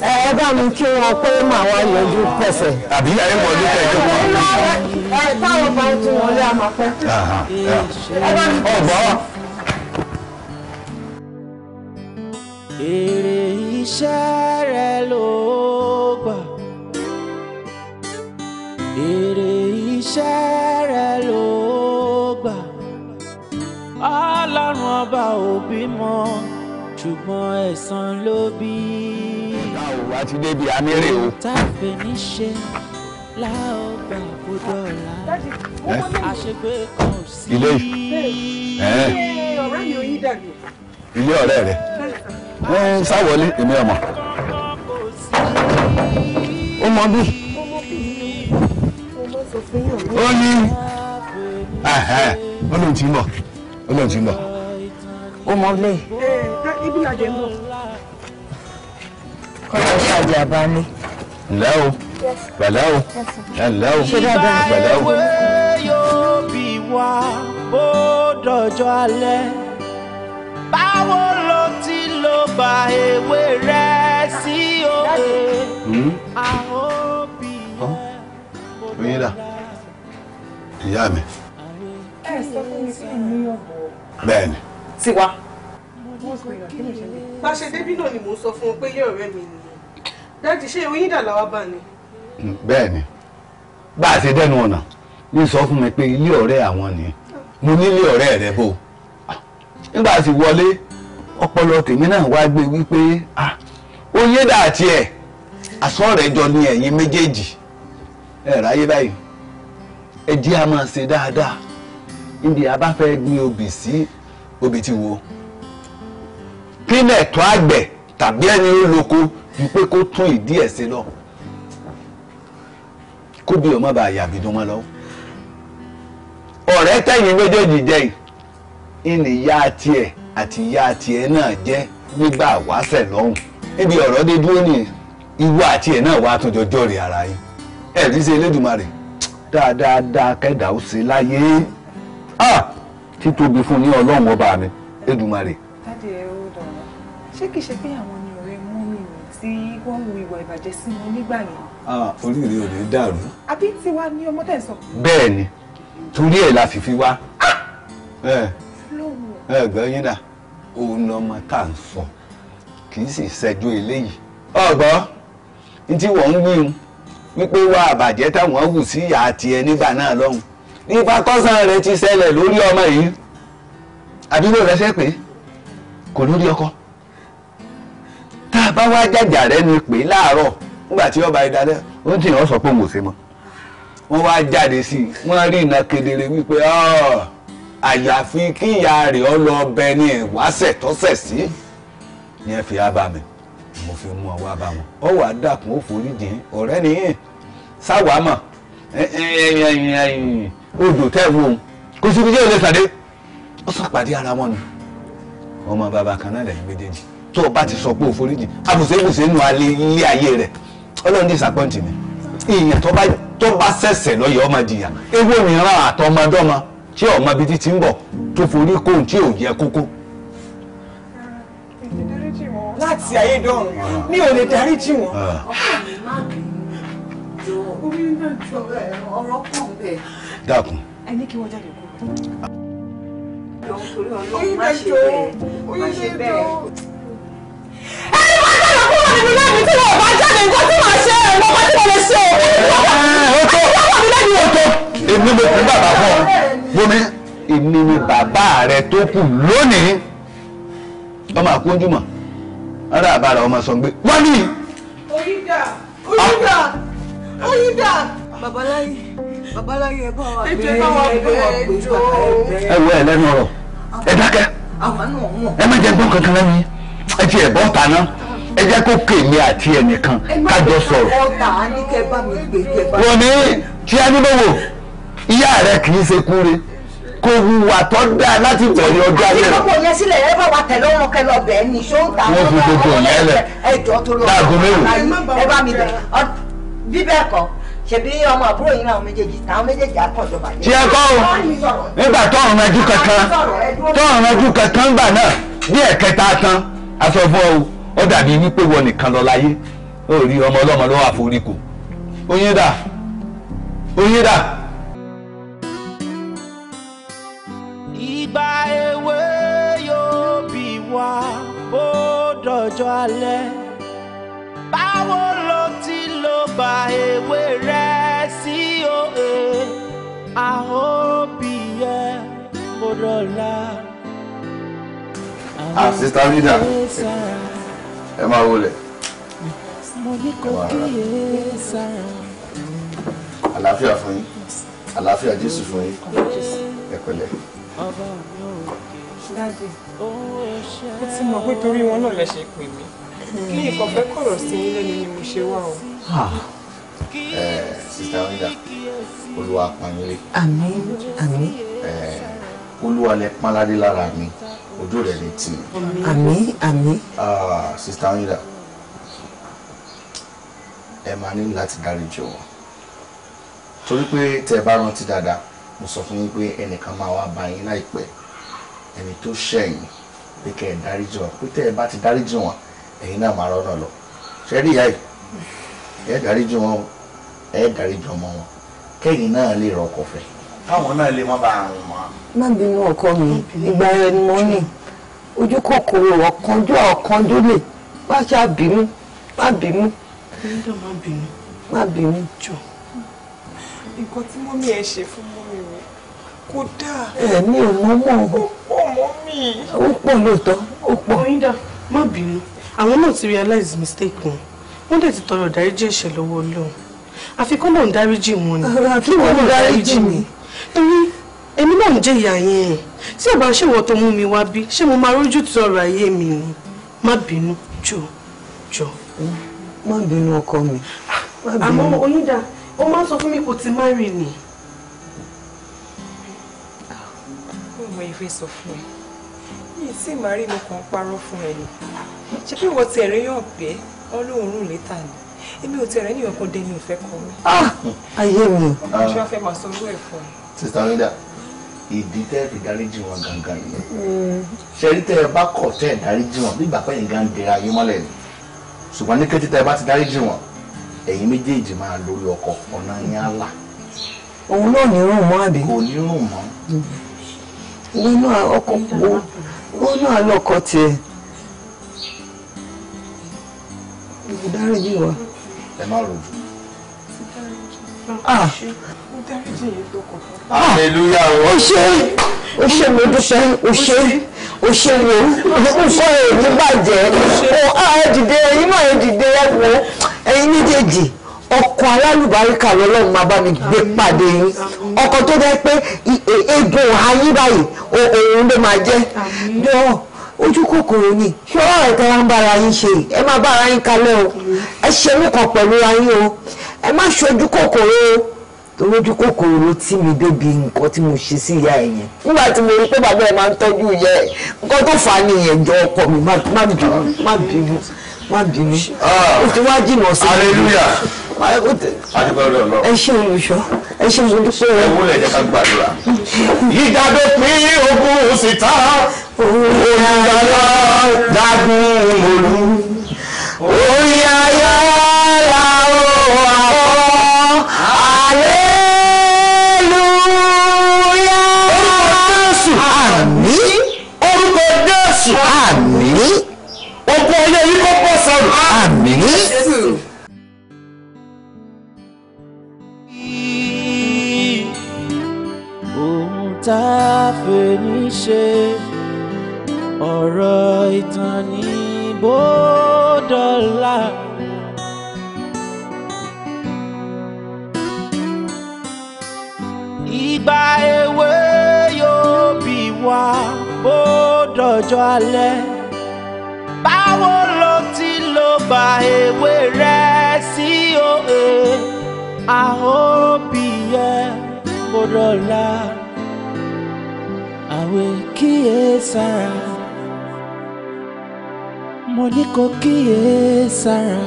ẹ bá mi kí wọn pé màá wá yọjú pẹ̀sẹ̀. àbí ẹ mọ ojú tẹ ẹ táwọn bá tún wọlé a máa pẹ́. ọgbọ́n. èrè iṣẹ́ rẹ ló gbà èrè iṣẹ́ rẹ ló gbà ọlọ́run ọba òbí mọ́ ṣùgbọ́n ẹ̀san ló bí. ìgbà wo wá ti débi amírè o. táàfẹ́ níṣe láòbà kó dọ̀la àṣegbè kan ò sí. ilé ọ̀rẹ́ mi ò yí dàgbé. ilé ọ̀rẹ́ rẹ̀ ń sáwọlé èmi ọmọ. ó mọ bí. ó ní olóhùn tí ń bọ̀ olóhùn tí ń bọ̀ ó mọ lé. ibi làjẹ ń bọ̀. kọ́lá ṣàjẹ́ àbáni. ǹlẹ́ o pẹ̀lẹ́ o ẹ̀lẹ́ o pẹ̀lẹ́ o. ìwé yóò bí wá bó dọ̀jọ́ alẹ́ báwo ló ti lọ bá ewé rẹ sí òwe àwọn òbí rẹ kò dára. ìyá mi. bẹ́ẹ̀ ni. sí wa. bá a ṣe débí náà ni mò ń sọ fún un pé ilé ọ̀rẹ́ mi nìyẹn. dáàdì ṣé ìwé yín dà láwa bá ni. bẹ́ẹ̀ ni bá a ṣe dẹ́nu ọ̀nà ní sọ fún mi pé ilé ọ̀rẹ́ àwọn ni mo nílé ọ̀rẹ́ rẹ bò nígbà tí wọlé ọpọlọ tèmi náà wá gbé wípé ó yé dà àti asán rẹ̀ jọ ní ẹ̀yin méjèèjì Ẹ ráyé báyìí ẹ jẹ́ a máa ṣe dáadáa níbi a bá fẹ́ gbin obì sí obì ti wo kílẹ̀ tó àgbẹ̀ tàbí ẹni ó loko ju pé kó tún ìdí ẹ̀ sí lọ kóbi ọmọ bá yàbí dùn mọ́ lọ ọ̀rẹ́ tẹ̀yìn méjèèjì jẹ́ yìí ìnìyá tiẹ̀ àti ìyá tiẹ̀ náà jẹ́ nígbà wáṣẹ̀ lọ́hùn níbi ọ̀rọ̀ dé dúró ní ìwọ àti ẹ̀ náà wàá tún jọjọ́ rẹ̀ ara yín ẹ̀rí ṣe Elédùmarè dáadáa dáa kẹ́dà ó ṣe láyé. Ah! títóbi fún ní ọlọ́run ọba mi Èdùmàrè. dáàdi ẹ ó dọ̀rọ̀ ṣé kìí ṣe pé àwọn ni ọ̀rẹ́ mú mi rò tí wọ́n hu ìwà ìbàjẹ́ sí mi nígbà yẹn. oríire ò ní dàrú. àbí tiwa ni ọmọ tẹ̀ sọ. bẹ́ẹ̀ ni torí ẹ̀ la sì fi wá. Ah! ẹgbẹ́ yín dà òun ọmọ tá à ń sọ kì í sì ṣẹjú eléyìí. ọgbọ́n ní tí wọ́n ń gbìyànjú wípé wá àbàjẹ́ táwọn hù sí ìyá àti nígbà náà lọ́hùn nípa tọ́sán rẹ̀ ti ṣẹlẹ̀ lórí ọmọ yìí àbí ló rẹsẹ̀ pé kò lórí ọkọ tá bá wá jàjà rẹ ni pé láàárọ̀ nígbà tí ọba ìdálẹ́ ó ti hàn sọ pé wá jáde sí i wọ́n kedere wípé àyàfi kí ìyá rẹ̀ ọ lọ bẹ ní sí yẹn fi á bá mi mo fi mú bá wọn dàkún ó forí ọ̀rẹ́ odò tẹ́ ẹ̀ wọ́n kò síbi jẹ́ ìlẹ̀ sàdé ó sọ pàdé ara wọn nù ọmọ bàbá kan náà lẹ́yìn méjèèjì tó o bá ti sọ pé òforíjì àbùsẹ̀bùsẹ̀ nù alẹ́ ilé ayé rẹ̀ ọlọ́run disappoint mi ìyẹn tó bá tó bá ṣẹ̀ṣẹ̀ lọ́yẹ̀ ọmọ jìyà ewu mìíràn àtọmọdọ́mọ tí ọmọ bíi ti ti ń bọ̀ tó forí kóhùn tí ò yẹ kókó láti ayé dọ̀run ní ò lè dáríjì wọn. Ah. Ah, ọ̀rọ̀ kan bẹ́ẹ̀ dákun. ẹ ní kí wọ́n jáde kúrò. oyún lè jó oyún lè jó. ẹni wọ́n gbọ́dọ̀ kúrò nínú lẹ́nu tí wọ́n bá jáde nǹkan tí màá ṣe ẹ̀rọ ọmọ tí wọ́n lè ṣe òun. ó tó èmi mo kú bàbá fún ọ bómi èmi ni bàbá rẹ tó kù lónìí ọmọ àkójúmọ̀ ara àbára ọmọ sọ gbé wọ́n ní. oyún dà oyún dà oyún dà babaláyé babaláyé ẹ bá wà pé ẹ bá wà pé ẹ wọ ẹ lẹ́nu ọ̀rọ̀ ẹ dákẹ́ ẹ má jẹ́ gbọ́n kankan lẹ́nu yín ẹ ti ẹ̀ bọ́ta náà ẹ jẹ́ kó kèmí àti ẹnìkan kájọ sọ̀rọ̀. wọ́n ní tí a nílò wò ìyá rẹ̀ kì í ṣe kúre kò hùwà tó dáa láti bẹ̀rẹ̀ ọjọ́ ayé rẹ̀. àti gbogbo yẹn ẹ bá dáàgó mẹ́wò mi bẹ̀ bíbẹ̀ kọ́ ṣebí ọmọ àbúrò yín làwọn méjèèjì táwọn méjèèjì àkànjọba. tí ẹ kọ́ o nígbà tọ́run ẹjú kankan tọ́run ẹjú kankan gbà náà bí ẹ̀kẹta tán aṣọ fún ọ ó dàbí wípé wọ nìkan lọ láyé ó rí ọmọ ọlọ́mọ ló wà forí kù oyin dà oyin dà. ìgbà èwe yóò bí wa bó dọjọ́ alẹ́ báwo lọ gba ewé rẹ̀ sí òye àhóbìyẹ kò dọ̀la. ah sista vida ẹ máa wọlé. mo ní kò kíyè sára. àlàáfíà fún yín àlàáfíà jésù fún yín ẹ pẹ̀lẹ́. dáàdi mo ti mọ̀ pé torí wọn náà lè ṣe pè mí kí nǹkan fẹ́ kọ̀rọ̀ sí yín lẹ́nu ni mo ṣe wá o. ẹ eh, sista Linda olúwa panyẹlẹ. àmín àmín. ẹ eh, olúwa lẹ pánládé lára mi ojú rẹ ní tì mí. àmín ah, sista Linda ẹ máa ní láti dáríjì wọn torí pé tẹ́ bá rántí dáadáa mo sọ fún yín pé ẹnìkan máa wá bá yín láìpẹ́ ẹni tó ṣẹ̀yìn pé kẹ́ ẹ dáríjì pé tẹ́ ẹ bá ti dáríjì wọn ẹ̀yin náà máa rọ́nà lọ ṣé rí ìyá yìí ẹ dáríjì wọn ẹ ọmọ wọn kẹ́yìn náà lè rọkọ̀ fẹ́. káwọn náà lè má ba àrùn mọ́. má bínú ọkọ mi ìgbà rẹ ni mo ní ojú kòkòrò ọ̀kanjú ọ̀kanjú lè má ṣáà bínú má bínú. má bínú. má bínú. jọ nǹkan tí mọ́mí ẹ ṣe fún mọ́mí mi kò dáa. ẹ mi o. ó pọ̀ mọ́mí. ó àwọn náà ti realize mistake wọn wọ́n dẹ̀ ti tọrọ dáríjì ẹ̀ṣẹ̀ lọ́wọ́ Ọlọ́run àfikún náà ń dáríjì wọn ni kí wọ́n ń dáríjì mi torí èmi náà ń jẹ ìyà yẹn tí àbá ṣèwọ tó mú mi wá bí ṣé mo máa rójú tu ọ̀rọ̀ ayé mi ni má bínú jọ jọ. má bínú ọkọ mi. àmọ́ onídàá ó máa ń sọ fún mi kò ti má rìn ni. Ah, mo ìfẹ́ sọ fún ẹ yìí sì máa rí mi kàn parọ́ fún ẹ ni ṣé bí wọ́n ti ẹ̀rín yàn pé wọ́n lóun rùn létà ni èmi ò ti ẹ̀rẹ́ nìyàn kan dẹni òfẹ́ kan mi. Ah! ayé mi. ọkọ ṣé wọn fẹ́ máa sọ owó ẹ fún ẹ. sista linda ìdí tẹ́ ẹ fi dáríjì wọn gangan nìyẹn hmm. ṣẹ́rí tẹ́ ẹ bá kọ̀ tẹ́ ẹ dáríjì wọn bí bàbá yìí gan dẹ̀ra ayé mọ́lẹ̀ ni ṣùgbọ́n ní kété tẹ́ ẹ bá ti dáríjì wọn ẹ̀yin méjèèjì máa lórí ọkọ̀ ọ̀nà yín á òun náà ní rùn mọ́ àbí. kò ní rùn mọ́. òun náà ọkọ̀ kó wọn náà lọ́kọ tiẹ̀ mo dáríjì wa. ẹ má rò. mo dáríjì yìí ah. tó kọ̀ fún. aleluya ah. o. o ṣe o ṣe mo dúpẹ́ o ṣe o ṣe wo nǹkan ò ní bàjẹ́ o á dìde ẹ̀yin náà ẹ dìde ẹ wo ẹ̀yin méjèèjì ọkọ alálùbáríkà lọ́lọ́run máa bá mi gbé pàdé yín ọkọ tó dẹ́ pé e, egun ayé báyìí òun ló máa jẹ́ jọ ojú kòkòrò ni ṣé ọ̀rọ̀ ẹ̀ tẹ́ra ń bára yín ṣe ẹ má bára yín kalẹ̀ o ẹ ṣe mú kan pẹ̀lú ayé o ẹ má ṣojú kòkòrò o torójú kòkòrò ló tì mí débi nǹkan tí mo ṣe sí ìyá ẹ yẹn nígbà tí mo rí pé bàbá ẹ máa ń tọ́jú ìyá ẹ nǹkan tó fà á nìyẹn jọ ọkọ mi má bínú má bínú má bínú ah. ó ti wá jìnnà sí i. hallelujah ẹ ṣe olùṣọ́ ẹ ṣe mo dágún olú olùyàlá làwọn àwọn aleluya. orúkọ Jésù orúkọ Jésù àmín ogun ọyẹ yìí kò bọ̀ sọ̀rọ̀ àmín. tá a fè ní ṣe ọ̀rọ̀ ìtàn ní bó dọ́là. Ìgbà èwe yóò bí wa bó dọjọ́ alẹ́. Báwo lo ti lo gbà èwe rẹ sí òye? A ó bí yẹ kó dọ̀la àwé kíyè sára mo ní kó kíyè sára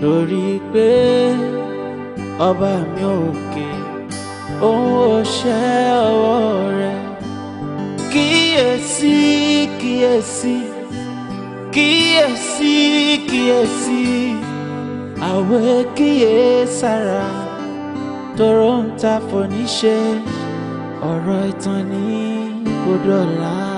lórí pé ọba mi òkè òun ò ṣẹ́ ọwọ́ rẹ kíyèsí kíyèsí kíyèsí kíyèsí àwé kíyè sára tóró ń ta fò níṣe ọ̀rọ̀ ìtàn ní kódọ̀lá.